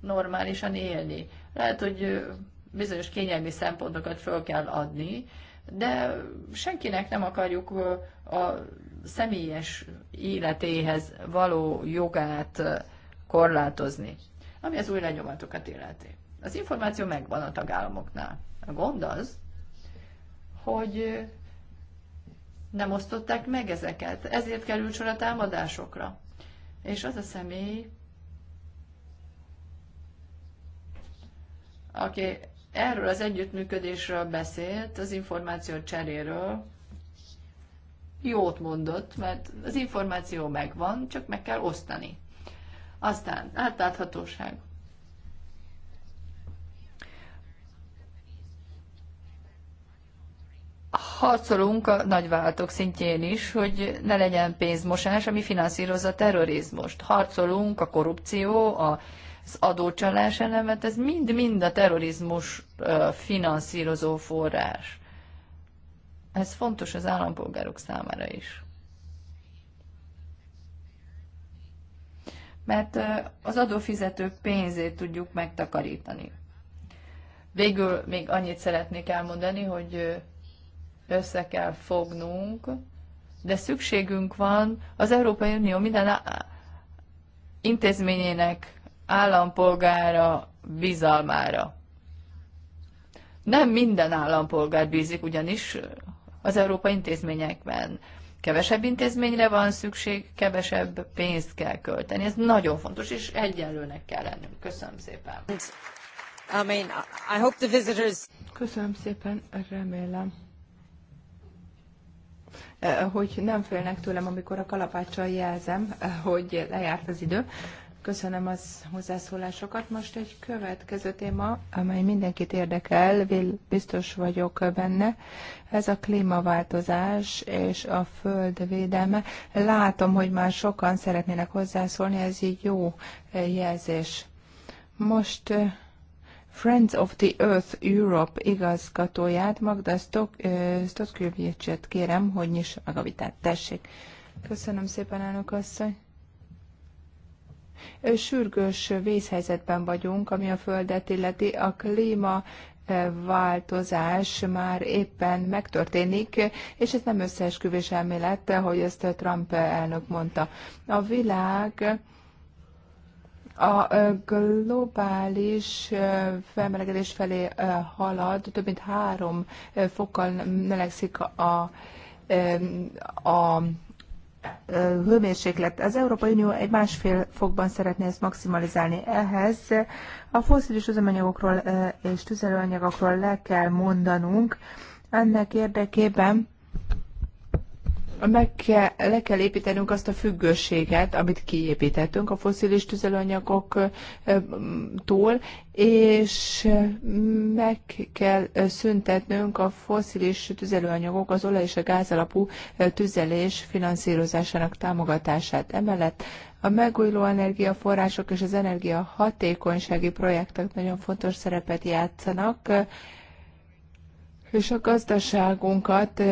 normálisan élni. Lehet, hogy bizonyos kényelmi szempontokat föl kell adni, de senkinek nem akarjuk a személyes életéhez való jogát korlátozni, ami az új lenyomatokat illeti. Az információ megvan a tagállamoknál. A gond az, hogy nem osztották meg ezeket, ezért került sor a támadásokra. És az a személy, aki erről az együttműködésről beszélt, az információ cseréről, jót mondott, mert az információ megvan, csak meg kell osztani. Aztán átláthatóság. harcolunk a nagyváltok szintjén is, hogy ne legyen pénzmosás, ami finanszírozza a terrorizmust. Harcolunk a korrupció, a az adócsalás elemet, ez mind-mind a terrorizmus finanszírozó forrás. Ez fontos az állampolgárok számára is. Mert az adófizetők pénzét tudjuk megtakarítani. Végül még annyit szeretnék elmondani, hogy össze kell fognunk, de szükségünk van az Európai Unió minden intézményének állampolgára bizalmára. Nem minden állampolgár bízik ugyanis az európai intézményekben. Kevesebb intézményre van szükség, kevesebb pénzt kell költeni. Ez nagyon fontos, és egyenlőnek kell lennünk. Köszönöm szépen. I mean, I hope the visitors... Köszönöm szépen, remélem Eh, hogy nem félnek tőlem, amikor a kalapáccsal jelzem, eh, hogy lejárt az idő. Köszönöm az hozzászólásokat. Most egy következő téma, amely mindenkit érdekel, biztos vagyok benne. Ez a klímaváltozás és a föld védelme. Látom, hogy már sokan szeretnének hozzászólni, ez így jó eh, jelzés. Most Friends of the Earth Europe igazgatóját, Magda Stotkövjecset kérem, hogy nyiss meg a vitát. Tessék. Köszönöm szépen, elnök asszony. Sürgős vészhelyzetben vagyunk, ami a Földet illeti. A klíma változás már éppen megtörténik, és ez nem összeesküvés elmélet, hogy ezt Trump elnök mondta. A világ a globális felmelegedés felé halad, több mint három fokkal melegszik a, a hőmérséklet. Az Európai Unió egy másfél fokban szeretné ezt maximalizálni. Ehhez a foszilis üzemanyagokról és tüzelőanyagokról le kell mondanunk. Ennek érdekében meg kell, le kell építenünk azt a függőséget, amit kiépítettünk a foszilis tüzelőanyagoktól, és meg kell szüntetnünk a foszilis tüzelőanyagok, az olaj és a gáz alapú tüzelés finanszírozásának támogatását. Emellett a megújuló energiaforrások és az energiahatékonysági projektek nagyon fontos szerepet játszanak, és a gazdaságunkat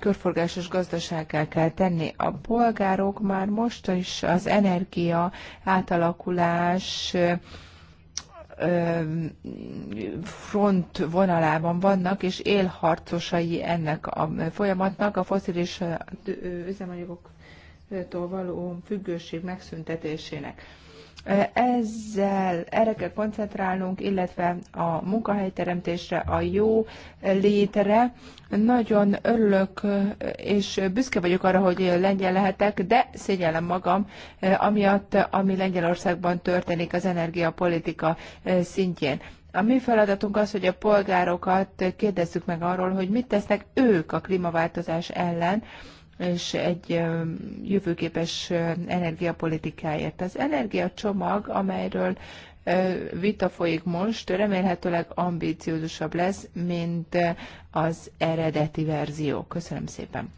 körforgásos gazdasággá kell tenni. A polgárok már most is az energia átalakulás front vonalában vannak, és élharcosai ennek a folyamatnak, a foszilis üzemanyagoktól való függőség megszüntetésének. Ezzel erre kell koncentrálnunk, illetve a munkahelyteremtésre, a jó létre. Nagyon örülök, és büszke vagyok arra, hogy lengyel lehetek, de szégyellem magam, amiatt, ami Lengyelországban történik az energiapolitika szintjén. A mi feladatunk az, hogy a polgárokat kérdezzük meg arról, hogy mit tesznek ők a klímaváltozás ellen, és egy jövőképes energiapolitikáért. Az energiacsomag, amelyről vita folyik most, remélhetőleg ambíciózusabb lesz, mint az eredeti verzió. Köszönöm szépen!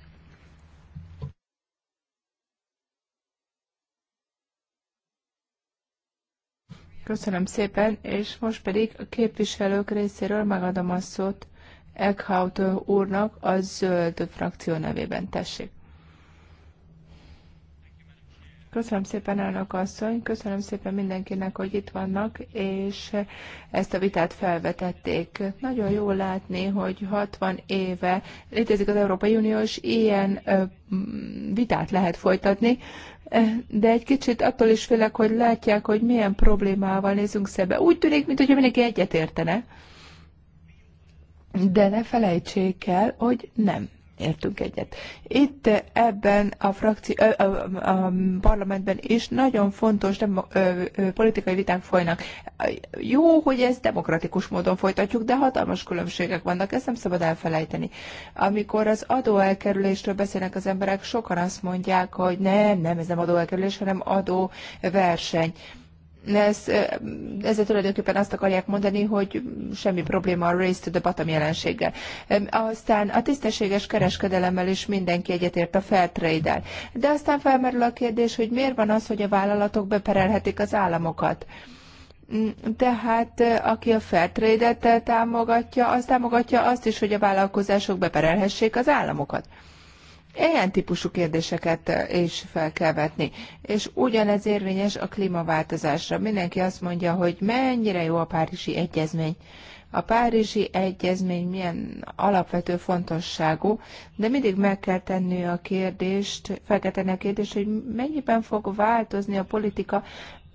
Köszönöm szépen, és most pedig a képviselők részéről megadom a szót Eckhout úrnak a zöld frakció nevében. Tessék. Köszönöm szépen, elnök asszony, köszönöm szépen mindenkinek, hogy itt vannak, és ezt a vitát felvetették. Nagyon jó látni, hogy 60 éve létezik az Európai Unió, és ilyen vitát lehet folytatni, de egy kicsit attól is félek, hogy látják, hogy milyen problémával nézünk szembe. Úgy tűnik, mintha mindenki egyetértene. értene de ne felejtsék el, hogy nem értünk egyet. Itt ebben a, frakció, a, a, a parlamentben is nagyon fontos demo, ö, ö, politikai viták folynak. Jó, hogy ezt demokratikus módon folytatjuk, de hatalmas különbségek vannak, ezt nem szabad elfelejteni. Amikor az adóelkerülésről beszélnek az emberek, sokan azt mondják, hogy nem, nem, ez nem adóelkerülés, hanem adóverseny. Ez, ezzel tulajdonképpen azt akarják mondani, hogy semmi probléma a race to the bottom jelenséggel. Aztán a tisztességes kereskedelemmel is mindenki egyetért a fair trade-el. De aztán felmerül a kérdés, hogy miért van az, hogy a vállalatok beperelhetik az államokat. Hm, tehát aki a fairtrade-et támogatja, az támogatja azt is, hogy a vállalkozások beperelhessék az államokat. Ilyen típusú kérdéseket eh, is fel kell vetni. És ugyanez érvényes a klímaváltozásra. Mindenki azt mondja, hogy mennyire jó a Párizsi Egyezmény. A Párizsi Egyezmény milyen alapvető fontosságú, de mindig meg kell tenni a kérdést, fel kell tenni a kérdést, hogy mennyiben fog változni a politika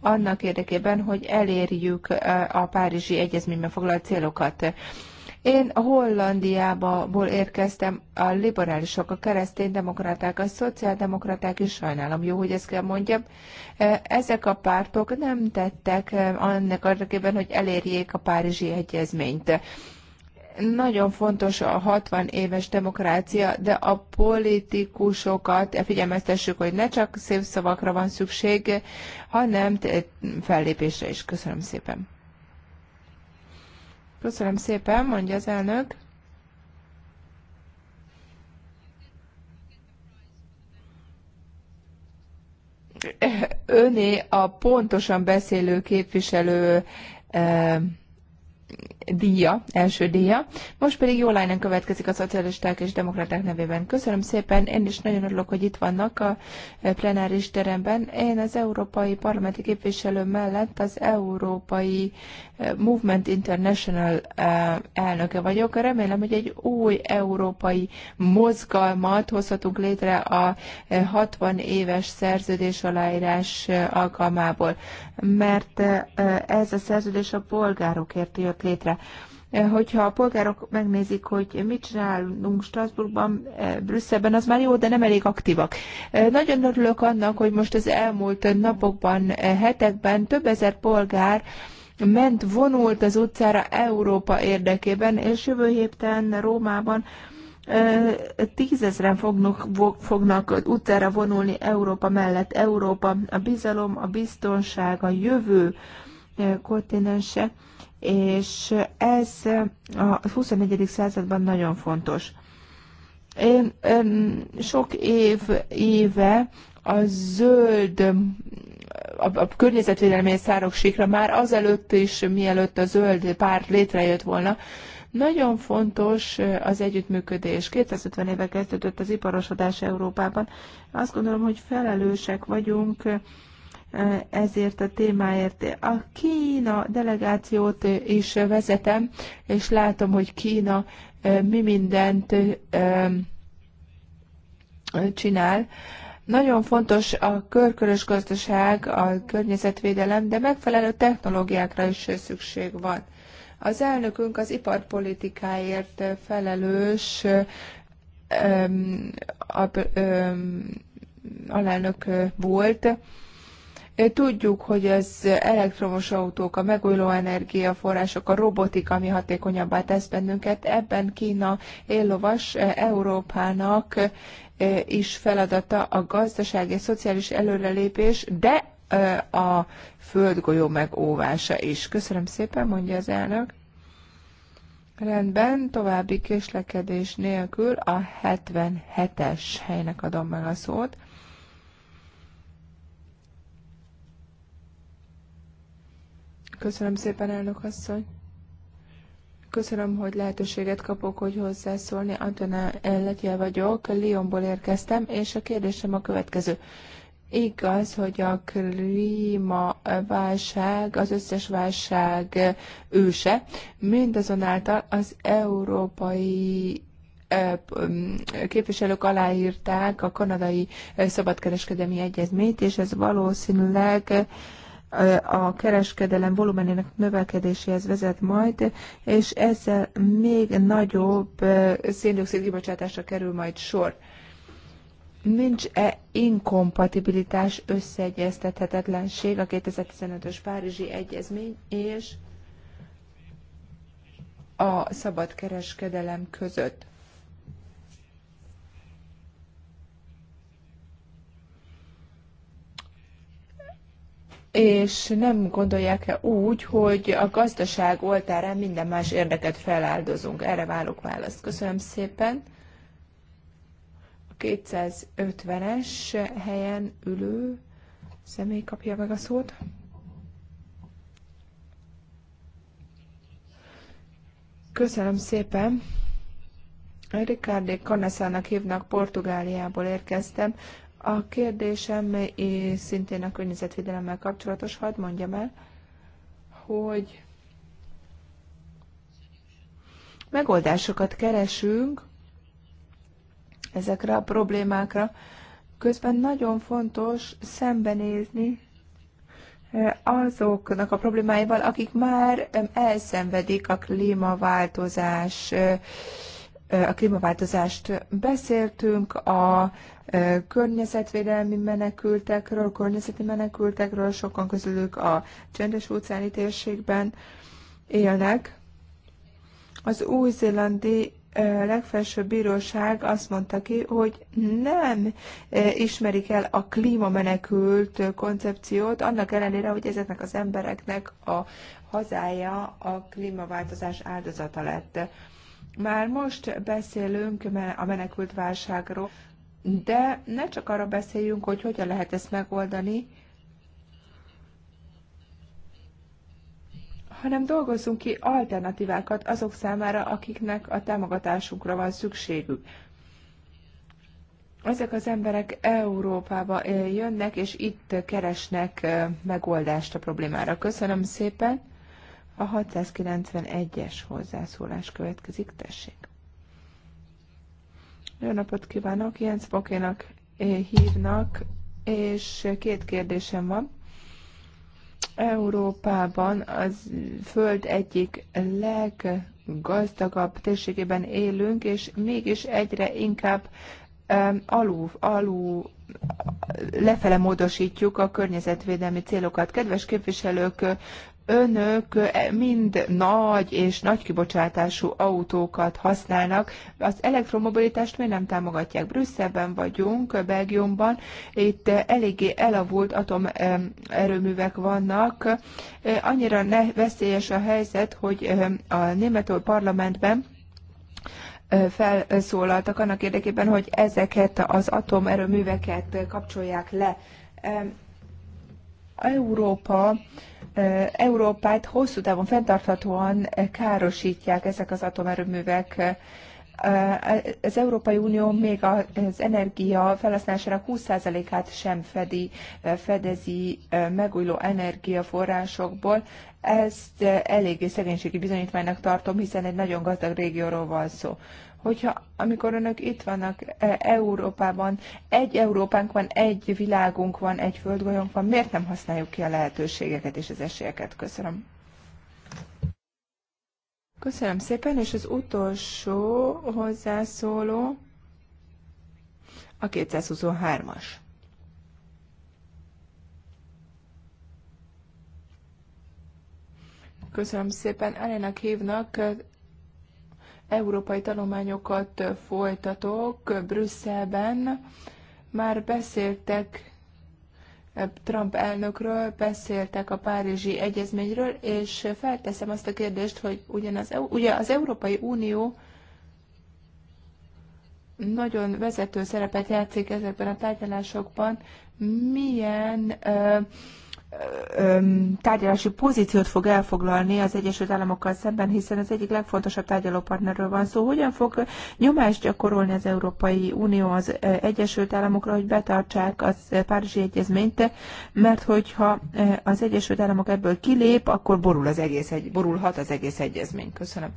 annak érdekében, hogy elérjük eh, a Párizsi Egyezményben foglalt célokat. Én Hollandiából érkeztem, a liberálisok, a kereszténydemokraták, a szociáldemokraták is sajnálom, jó, hogy ezt kell mondjam. E, ezek a pártok nem tettek e, annak érdekében, hogy elérjék a Párizsi Egyezményt nagyon fontos a 60 éves demokrácia, de a politikusokat figyelmeztessük, hogy ne csak szép szavakra van szükség, hanem fellépésre is. Köszönöm szépen. Köszönöm szépen, mondja az elnök. Öné a pontosan beszélő képviselő eh, díja, első díja. Most pedig jó lányan következik a szocialisták és demokraták nevében. Köszönöm szépen, én is nagyon örülök, hogy itt vannak a plenáris teremben. Én az európai parlamenti képviselő mellett az európai eh, Movement International eh, elnöke vagyok. Remélem, hogy egy új európai mozgalmat hozhatunk létre a 60 eh, éves szerződés aláírás alkalmából, mert ez a szerződés a polgárokért jött létre erre. Hogyha a polgárok megnézik, hogy mit csinálunk Strasbourgban, eh, Brüsszelben, az már jó, de nem elég aktívak. Eh, nagyon örülök annak, hogy most az elmúlt napokban, eh, hetekben több ezer polgár ment, vonult az utcára Európa érdekében, és jövő héten Rómában tízezren fognak, fognak utcára vonulni Európa mellett. Európa a bizalom, a biztonság, a jövő kontinense és ez a 21. században nagyon fontos. Én, én sok év éve a zöld a, a környezetvédelmi szároksíkra már azelőtt is, mielőtt a zöld párt létrejött volna, nagyon fontos az együttműködés. 250 éve kezdődött az iparosodás Európában. Azt gondolom, hogy felelősek vagyunk ezért a témáért. A Kína delegációt is vezetem, és látom, hogy Kína mi mindent csinál. Nagyon fontos a körkörös gazdaság, a környezetvédelem, de megfelelő technológiákra is szükség van. Az elnökünk az iparpolitikáért felelős a, alelnök volt, Tudjuk, hogy az elektromos autók, a megújuló energiaforrások, a robotika, ami hatékonyabbá tesz bennünket, ebben Kína éllovas Európának is feladata a gazdasági és szociális előrelépés, de a földgolyó megóvása is. Köszönöm szépen, mondja az elnök. Rendben, további késlekedés nélkül a 77-es helynek adom meg a szót. Köszönöm szépen, elnök asszony. Köszönöm, hogy lehetőséget kapok, hogy hozzászólni. Antona Letje vagyok, Lyonból érkeztem, és a kérdésem a következő. Igaz, hogy a klímaválság az összes válság őse, mindazonáltal az európai képviselők aláírták a kanadai szabadkereskedelmi egyezményt, és ez valószínűleg a kereskedelem volumenének növekedéséhez vezet majd, és ezzel még nagyobb széndiokszid kibocsátásra kerül majd sor. Nincs-e inkompatibilitás, összeegyeztethetetlenség a 2015-ös Párizsi Egyezmény és a szabad kereskedelem között? és nem gondolják-e úgy, hogy a gazdaság oltárán minden más érdeket feláldozunk? Erre válok választ. Köszönöm szépen. A 250-es helyen ülő személy kapja meg a szót. Köszönöm szépen. Ricardé Canessának hívnak, Portugáliából érkeztem. A kérdésem szintén a környezetvédelemmel kapcsolatos, hadd mondjam el, hogy megoldásokat keresünk ezekre a problémákra, közben nagyon fontos szembenézni azoknak a problémáival, akik már elszenvedik a klímaváltozás a klímaváltozást beszéltünk, a környezetvédelmi menekültekről, környezeti menekültekről, sokan közülük a csendes óceáni térségben élnek. Az új-zélandi legfelsőbb bíróság azt mondta ki, hogy nem ismerik el a klímamenekült koncepciót, annak ellenére, hogy ezeknek az embereknek a hazája a klímaváltozás áldozata lett. Már most beszélünk a menekült válságról, de ne csak arra beszéljünk, hogy hogyan lehet ezt megoldani, hanem dolgozzunk ki alternatívákat azok számára, akiknek a támogatásunkra van szükségük. Ezek az emberek Európába eh, jönnek, és itt keresnek eh, megoldást a problémára. Köszönöm szépen. A 691-es hozzászólás következik, tessék. Jó napot kívánok, Jens Bokénak eh, hívnak, és két kérdésem van. Európában az föld egyik leggazdagabb térségében élünk, és mégis egyre inkább alul, alul lefele módosítjuk a környezetvédelmi célokat. Kedves képviselők, önök mind nagy és nagy kibocsátású autókat használnak. Az elektromobilitást miért nem támogatják? Brüsszelben vagyunk, Belgiumban, itt eléggé elavult atomerőművek vannak. Annyira ne veszélyes a helyzet, hogy a németül parlamentben felszólaltak annak érdekében, hogy ezeket az atomerőműveket kapcsolják le. Európa Európát hosszú távon fenntarthatóan károsítják ezek az atomerőművek. Az Európai Unió még az energia felhasználásának 20%-át sem fedi, fedezi megújuló energiaforrásokból. Ezt eléggé szegénységi bizonyítványnak tartom, hiszen egy nagyon gazdag régióról van szó hogyha amikor önök itt vannak e, Európában, egy Európánk van, egy világunk van, egy földgolyónk van, miért nem használjuk ki a lehetőségeket és az esélyeket? Köszönöm. Köszönöm szépen, és az utolsó hozzászóló a 223-as. Köszönöm szépen. Elének hívnak, európai tanulmányokat folytatok Brüsszelben. Már beszéltek eh, Trump elnökről, beszéltek a Párizsi Egyezményről, és felteszem azt a kérdést, hogy ugyanaz, ugye az Európai Unió nagyon vezető szerepet játszik ezekben a tárgyalásokban, milyen uh, tárgyalási pozíciót fog elfoglalni az Egyesült Államokkal szemben, hiszen az egyik legfontosabb tárgyalópartnerről van szó. Hogyan fog nyomást gyakorolni az Európai Unió az Egyesült Államokra, hogy betartsák az Párizsi Egyezményt, mert hogyha az Egyesült Államok ebből kilép, akkor borul az egész egy, borulhat az egész egyezmény. Köszönöm.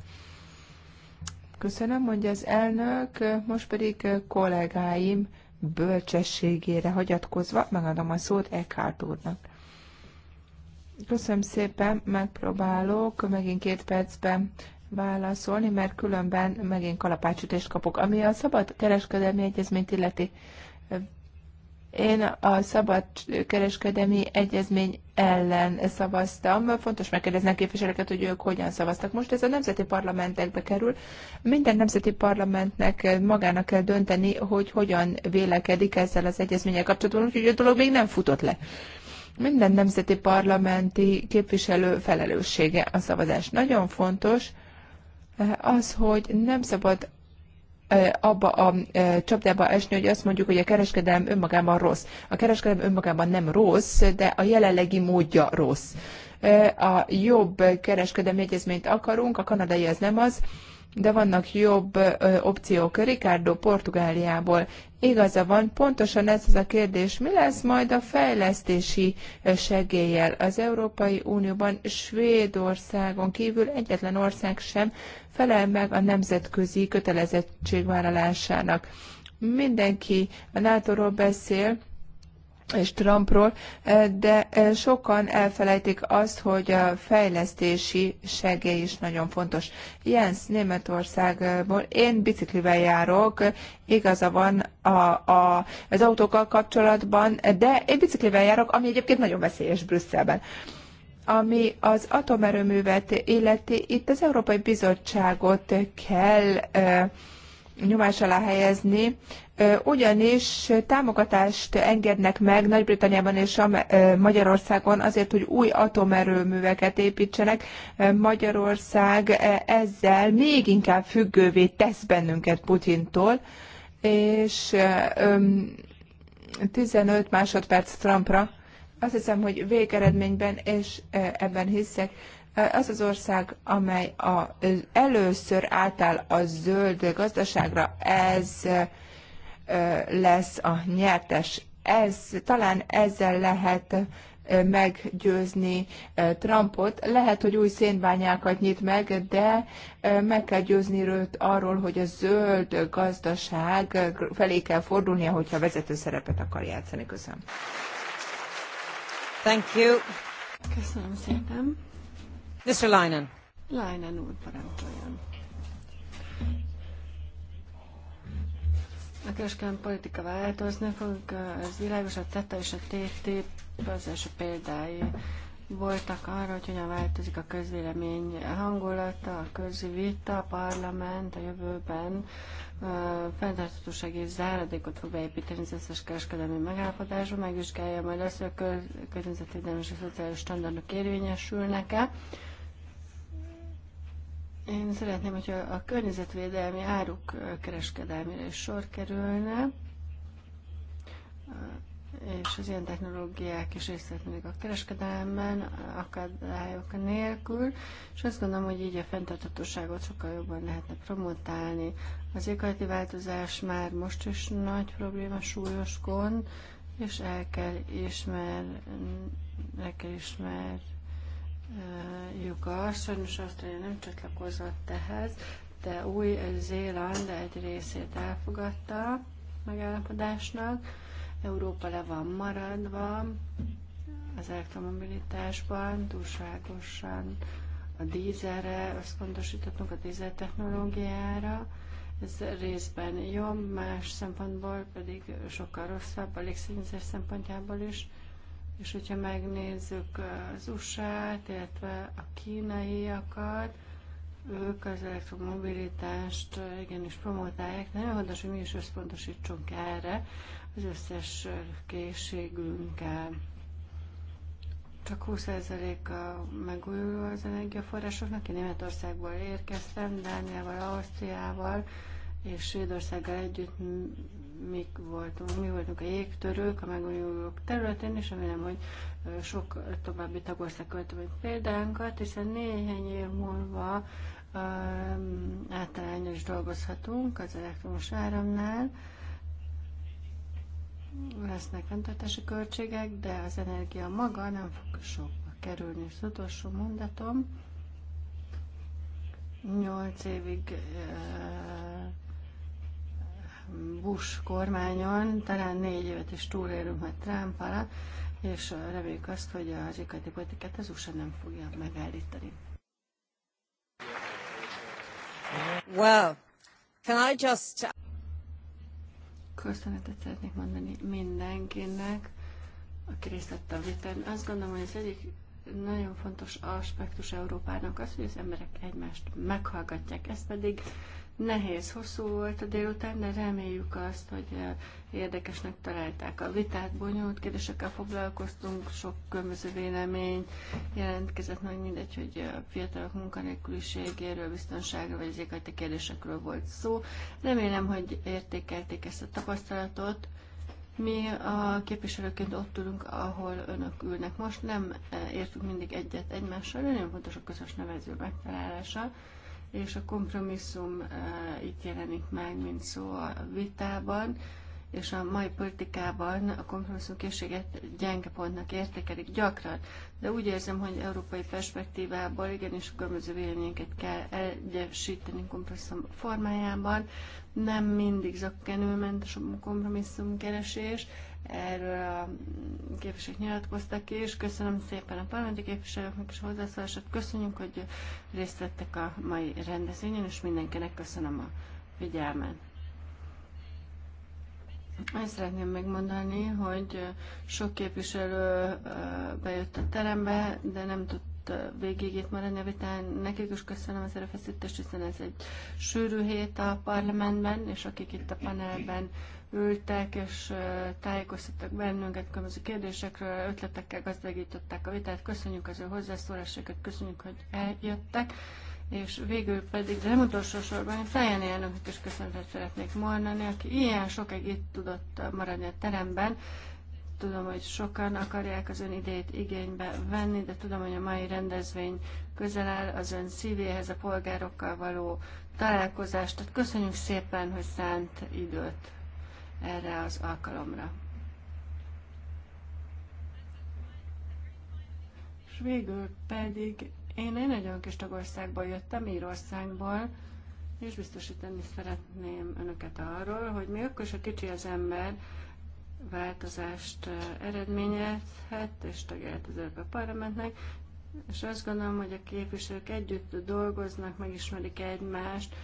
Köszönöm, mondja az elnök, most pedig kollégáim bölcsességére hagyatkozva megadom a szót Eckhart úrnak. Köszönöm szépen, megpróbálok megint két percben válaszolni, mert különben megint kalapácsütést kapok. Ami a szabad kereskedelmi egyezményt illeti, én a szabad kereskedelmi egyezmény ellen szavaztam. Fontos megkérdezni a képviselőket, hogy ők hogyan szavaztak. Most ez a nemzeti parlamentekbe kerül. Minden nemzeti parlamentnek magának kell dönteni, hogy hogyan vélekedik ezzel az egyezménnyel kapcsolatban, úgyhogy a dolog még nem futott le minden nemzeti parlamenti képviselő felelőssége a szavazás. Nagyon fontos eh, az, hogy nem szabad eh, abba a eh, csapdába esni, hogy azt mondjuk, hogy a kereskedelem önmagában rossz. A kereskedelem önmagában nem rossz, de a jelenlegi módja rossz. A jobb kereskedelmi egyezményt akarunk, a kanadai az nem az, de vannak jobb opciók. Ricardo Portugáliából igaza van, pontosan ez az a kérdés, mi lesz majd a fejlesztési segéllyel? Az Európai Unióban Svédországon kívül egyetlen ország sem felel meg a nemzetközi kötelezettségvállalásának. Mindenki a NATO-ról beszél, és Trumpról, de sokan elfelejtik azt, hogy a fejlesztési segély is nagyon fontos. Jens Németországból, én biciklivel járok, igaza van a, a, az autókkal kapcsolatban, de én biciklivel járok, ami egyébként nagyon veszélyes Brüsszelben ami az atomerőművet illeti, itt az Európai Bizottságot kell nyomás alá helyezni, ugyanis támogatást engednek meg Nagy-Britanniában és Magyarországon azért, hogy új atomerőműveket építsenek. Magyarország ezzel még inkább függővé tesz bennünket Putyintól, és 15 másodperc Trumpra. Azt hiszem, hogy végeredményben, és ebben hiszek, az az ország, amely a, először átáll a zöld gazdaságra, ez lesz a nyertes. Ez, talán ezzel lehet meggyőzni Trumpot. Lehet, hogy új szénbányákat nyit meg, de meg kell győzni őt arról, hogy a zöld gazdaság felé kell fordulnia, hogyha vezető szerepet akar játszani. Köszönöm. Thank you. Köszönöm szépen. Mr. Leinen. Leinen úr, parancsoljon. A kereskedelmi politika változni fog, az világos, a CETA és a TTIP az első példái voltak arra, hogy hogyan változik a közvélemény hangulata, a közvita, a parlament a jövőben fenntarthatósági záradékot fog beépíteni az összes kereskedelmi megállapodásba, megvizsgálja majd azt, hogy a környezetvédelmi és a szociális standardok érvényesülnek-e. Én szeretném, hogyha a környezetvédelmi áruk kereskedelmére is sor kerülne, és az ilyen technológiák is részt a kereskedelemben, akadályok nélkül, és azt gondolom, hogy így a fenntarthatóságot sokkal jobban lehetne promotálni. Az éghajlati változás már most is nagy probléma, súlyos gond, és el kell ismer, el kell ismerni joga, Sajnos Ausztrália nem csatlakozott ehhez, de Új-Zéland egy részét elfogadta megállapodásnak. Európa le van maradva az elektromobilitásban, túlságosan a dízelre, pontosítottunk a dízel technológiára. Ez részben jobb, más szempontból pedig sokkal rosszabb, a légszínzés szempontjából is. És hogyha megnézzük eh, az USA-t, illetve a kínaiakat, ők az elektromobilitást eh, igenis promotálják. Nagyon fontos, hogy mi is összpontosítsunk erre az összes eh, készségünkkel. Csak 20%-a megújuló az energiaforrásoknak. Én Németországból érkeztem, Dániával, Ausztriával és Svédországgal együtt mik voltunk, mi voltunk a jégtörők a megújulók területén, és remélem, hogy sok további tagország követő példánkat, hiszen néhány év múlva um, általányos is dolgozhatunk az elektromos áramnál, lesznek fenntartási költségek, de az energia maga nem fog sokba kerülni. az utolsó mondatom, 8 évig uh, Bush kormányon, talán négy évet is túlélünk majd Trump alatt, és reméljük azt, hogy az ikati politikát az USA nem fogja megállítani. Well, can I just... Köszönetet szeretnék mondani mindenkinek, aki részt vett a vitán. Azt gondolom, hogy az egyik nagyon fontos aspektus Európának az, hogy az emberek egymást meghallgatják. Ez pedig Nehéz, hosszú volt a délután, de reméljük azt, hogy eh, érdekesnek találták a vitát, bonyolult kérdésekkel foglalkoztunk, sok különböző vélemény jelentkezett, nagy mindegy, hogy a eh, fiatalok munkanélküliségéről, biztonságra vagy ezeket a kérdésekről volt szó. Remélem, hogy értékelték ezt a tapasztalatot. Mi a képviselőként ott tudunk, ahol önök ülnek most. Nem eh, értünk mindig egyet egymással, de nagyon fontos a közös nevező megtalálása és a kompromisszum eh, itt jelenik meg, mint szó a vitában, és a mai politikában a készséget gyenge pontnak értékelik gyakran, de úgy érzem, hogy európai perspektívából igenis a különböző véleményeket kell egyesíteni kompromisszum formájában, nem mindig zakkenőmentes a kompromisszum keresés, erről a képviselők nyilatkoztak ki, és köszönöm szépen a parlamenti képviselőknek is hozzászólását. Köszönjük, hogy részt vettek a mai rendezvényen, és mindenkinek köszönöm a figyelmet. Azt szeretném megmondani, hogy sok képviselő bejött a terembe, de nem tudta végig itt maradni a vitán. Nekik is köszönöm az erőfeszítést, hiszen ez egy sűrű hét a parlamentben, és akik itt a panelben ültek, és tájékoztattak bennünket különböző kérdésekről, ötletekkel gazdagították a vitát. Köszönjük az ő hozzászólásokat, köszönjük, hogy eljöttek. És végül pedig, de nem utolsó sorban, Fejen elnöknek is köszönetet szeretnék mondani, aki ilyen sokáig itt tudott maradni a teremben. Tudom, hogy sokan akarják az ön idejét igénybe venni, de tudom, hogy a mai rendezvény közel áll az ön szívéhez, a polgárokkal való találkozást. Tehát köszönjük szépen, hogy szánt időt erre az alkalomra. És végül pedig én egy nagyon kis tagországból jöttem, Írországból, és biztosítani szeretném önöket arról, hogy mi akkor is a kicsi az ember változást eredményezhet, és tagjelent az Európai Parlamentnek, és azt gondolom, hogy a képviselők együtt dolgoznak, megismerik egymást,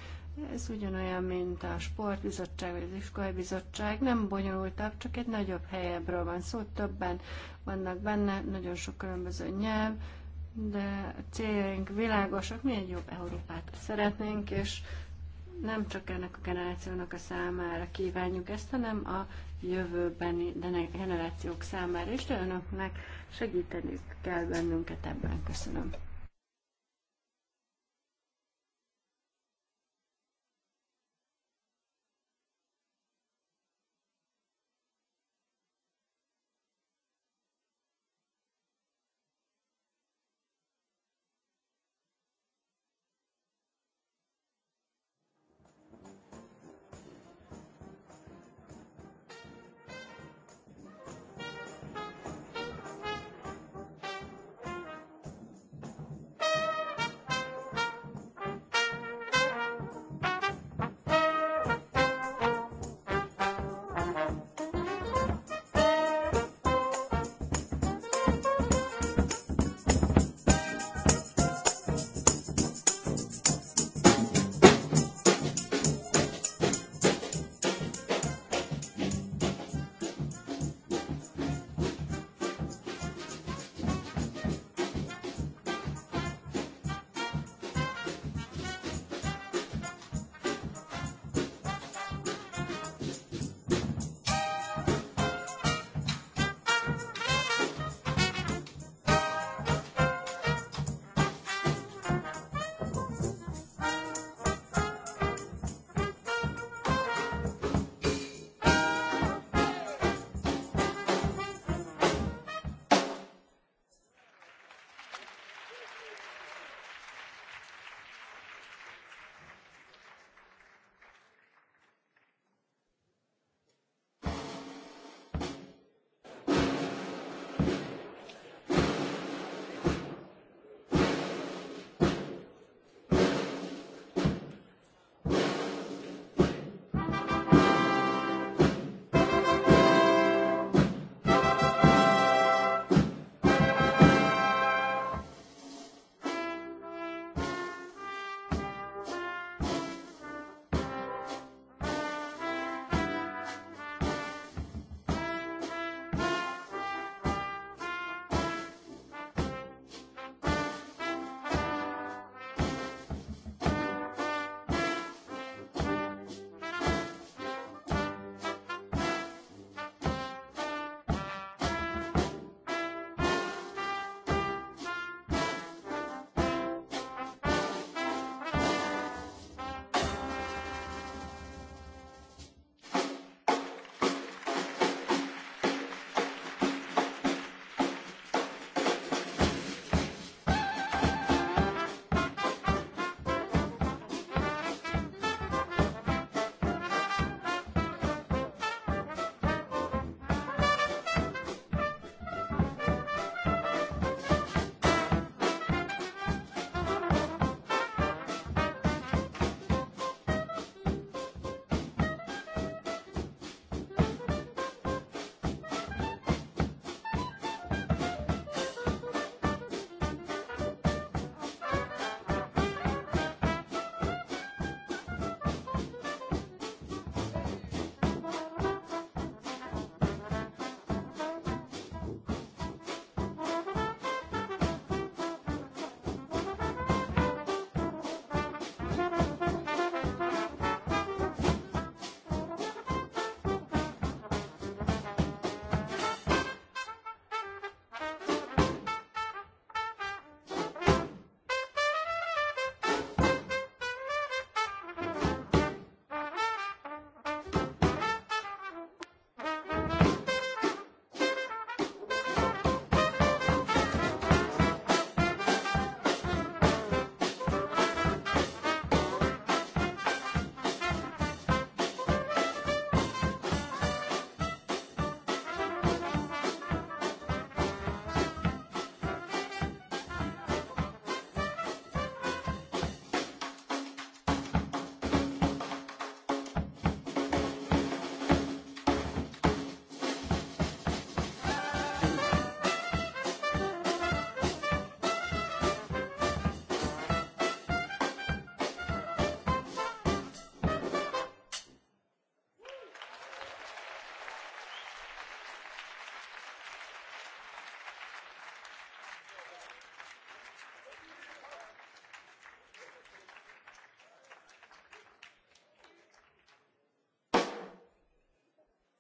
ez ugyanolyan, mint a sportbizottság vagy az iskolai bizottság. Nem bonyolultabb, csak egy nagyobb helyebről van szó, többen vannak benne, nagyon sok különböző nyelv, de a céljaink világosak, mi egy jobb Európát szeretnénk, és nem csak ennek a generációnak a számára kívánjuk ezt, hanem a jövőbeni generációk számára is, de önöknek segíteni kell bennünket ebben. Köszönöm.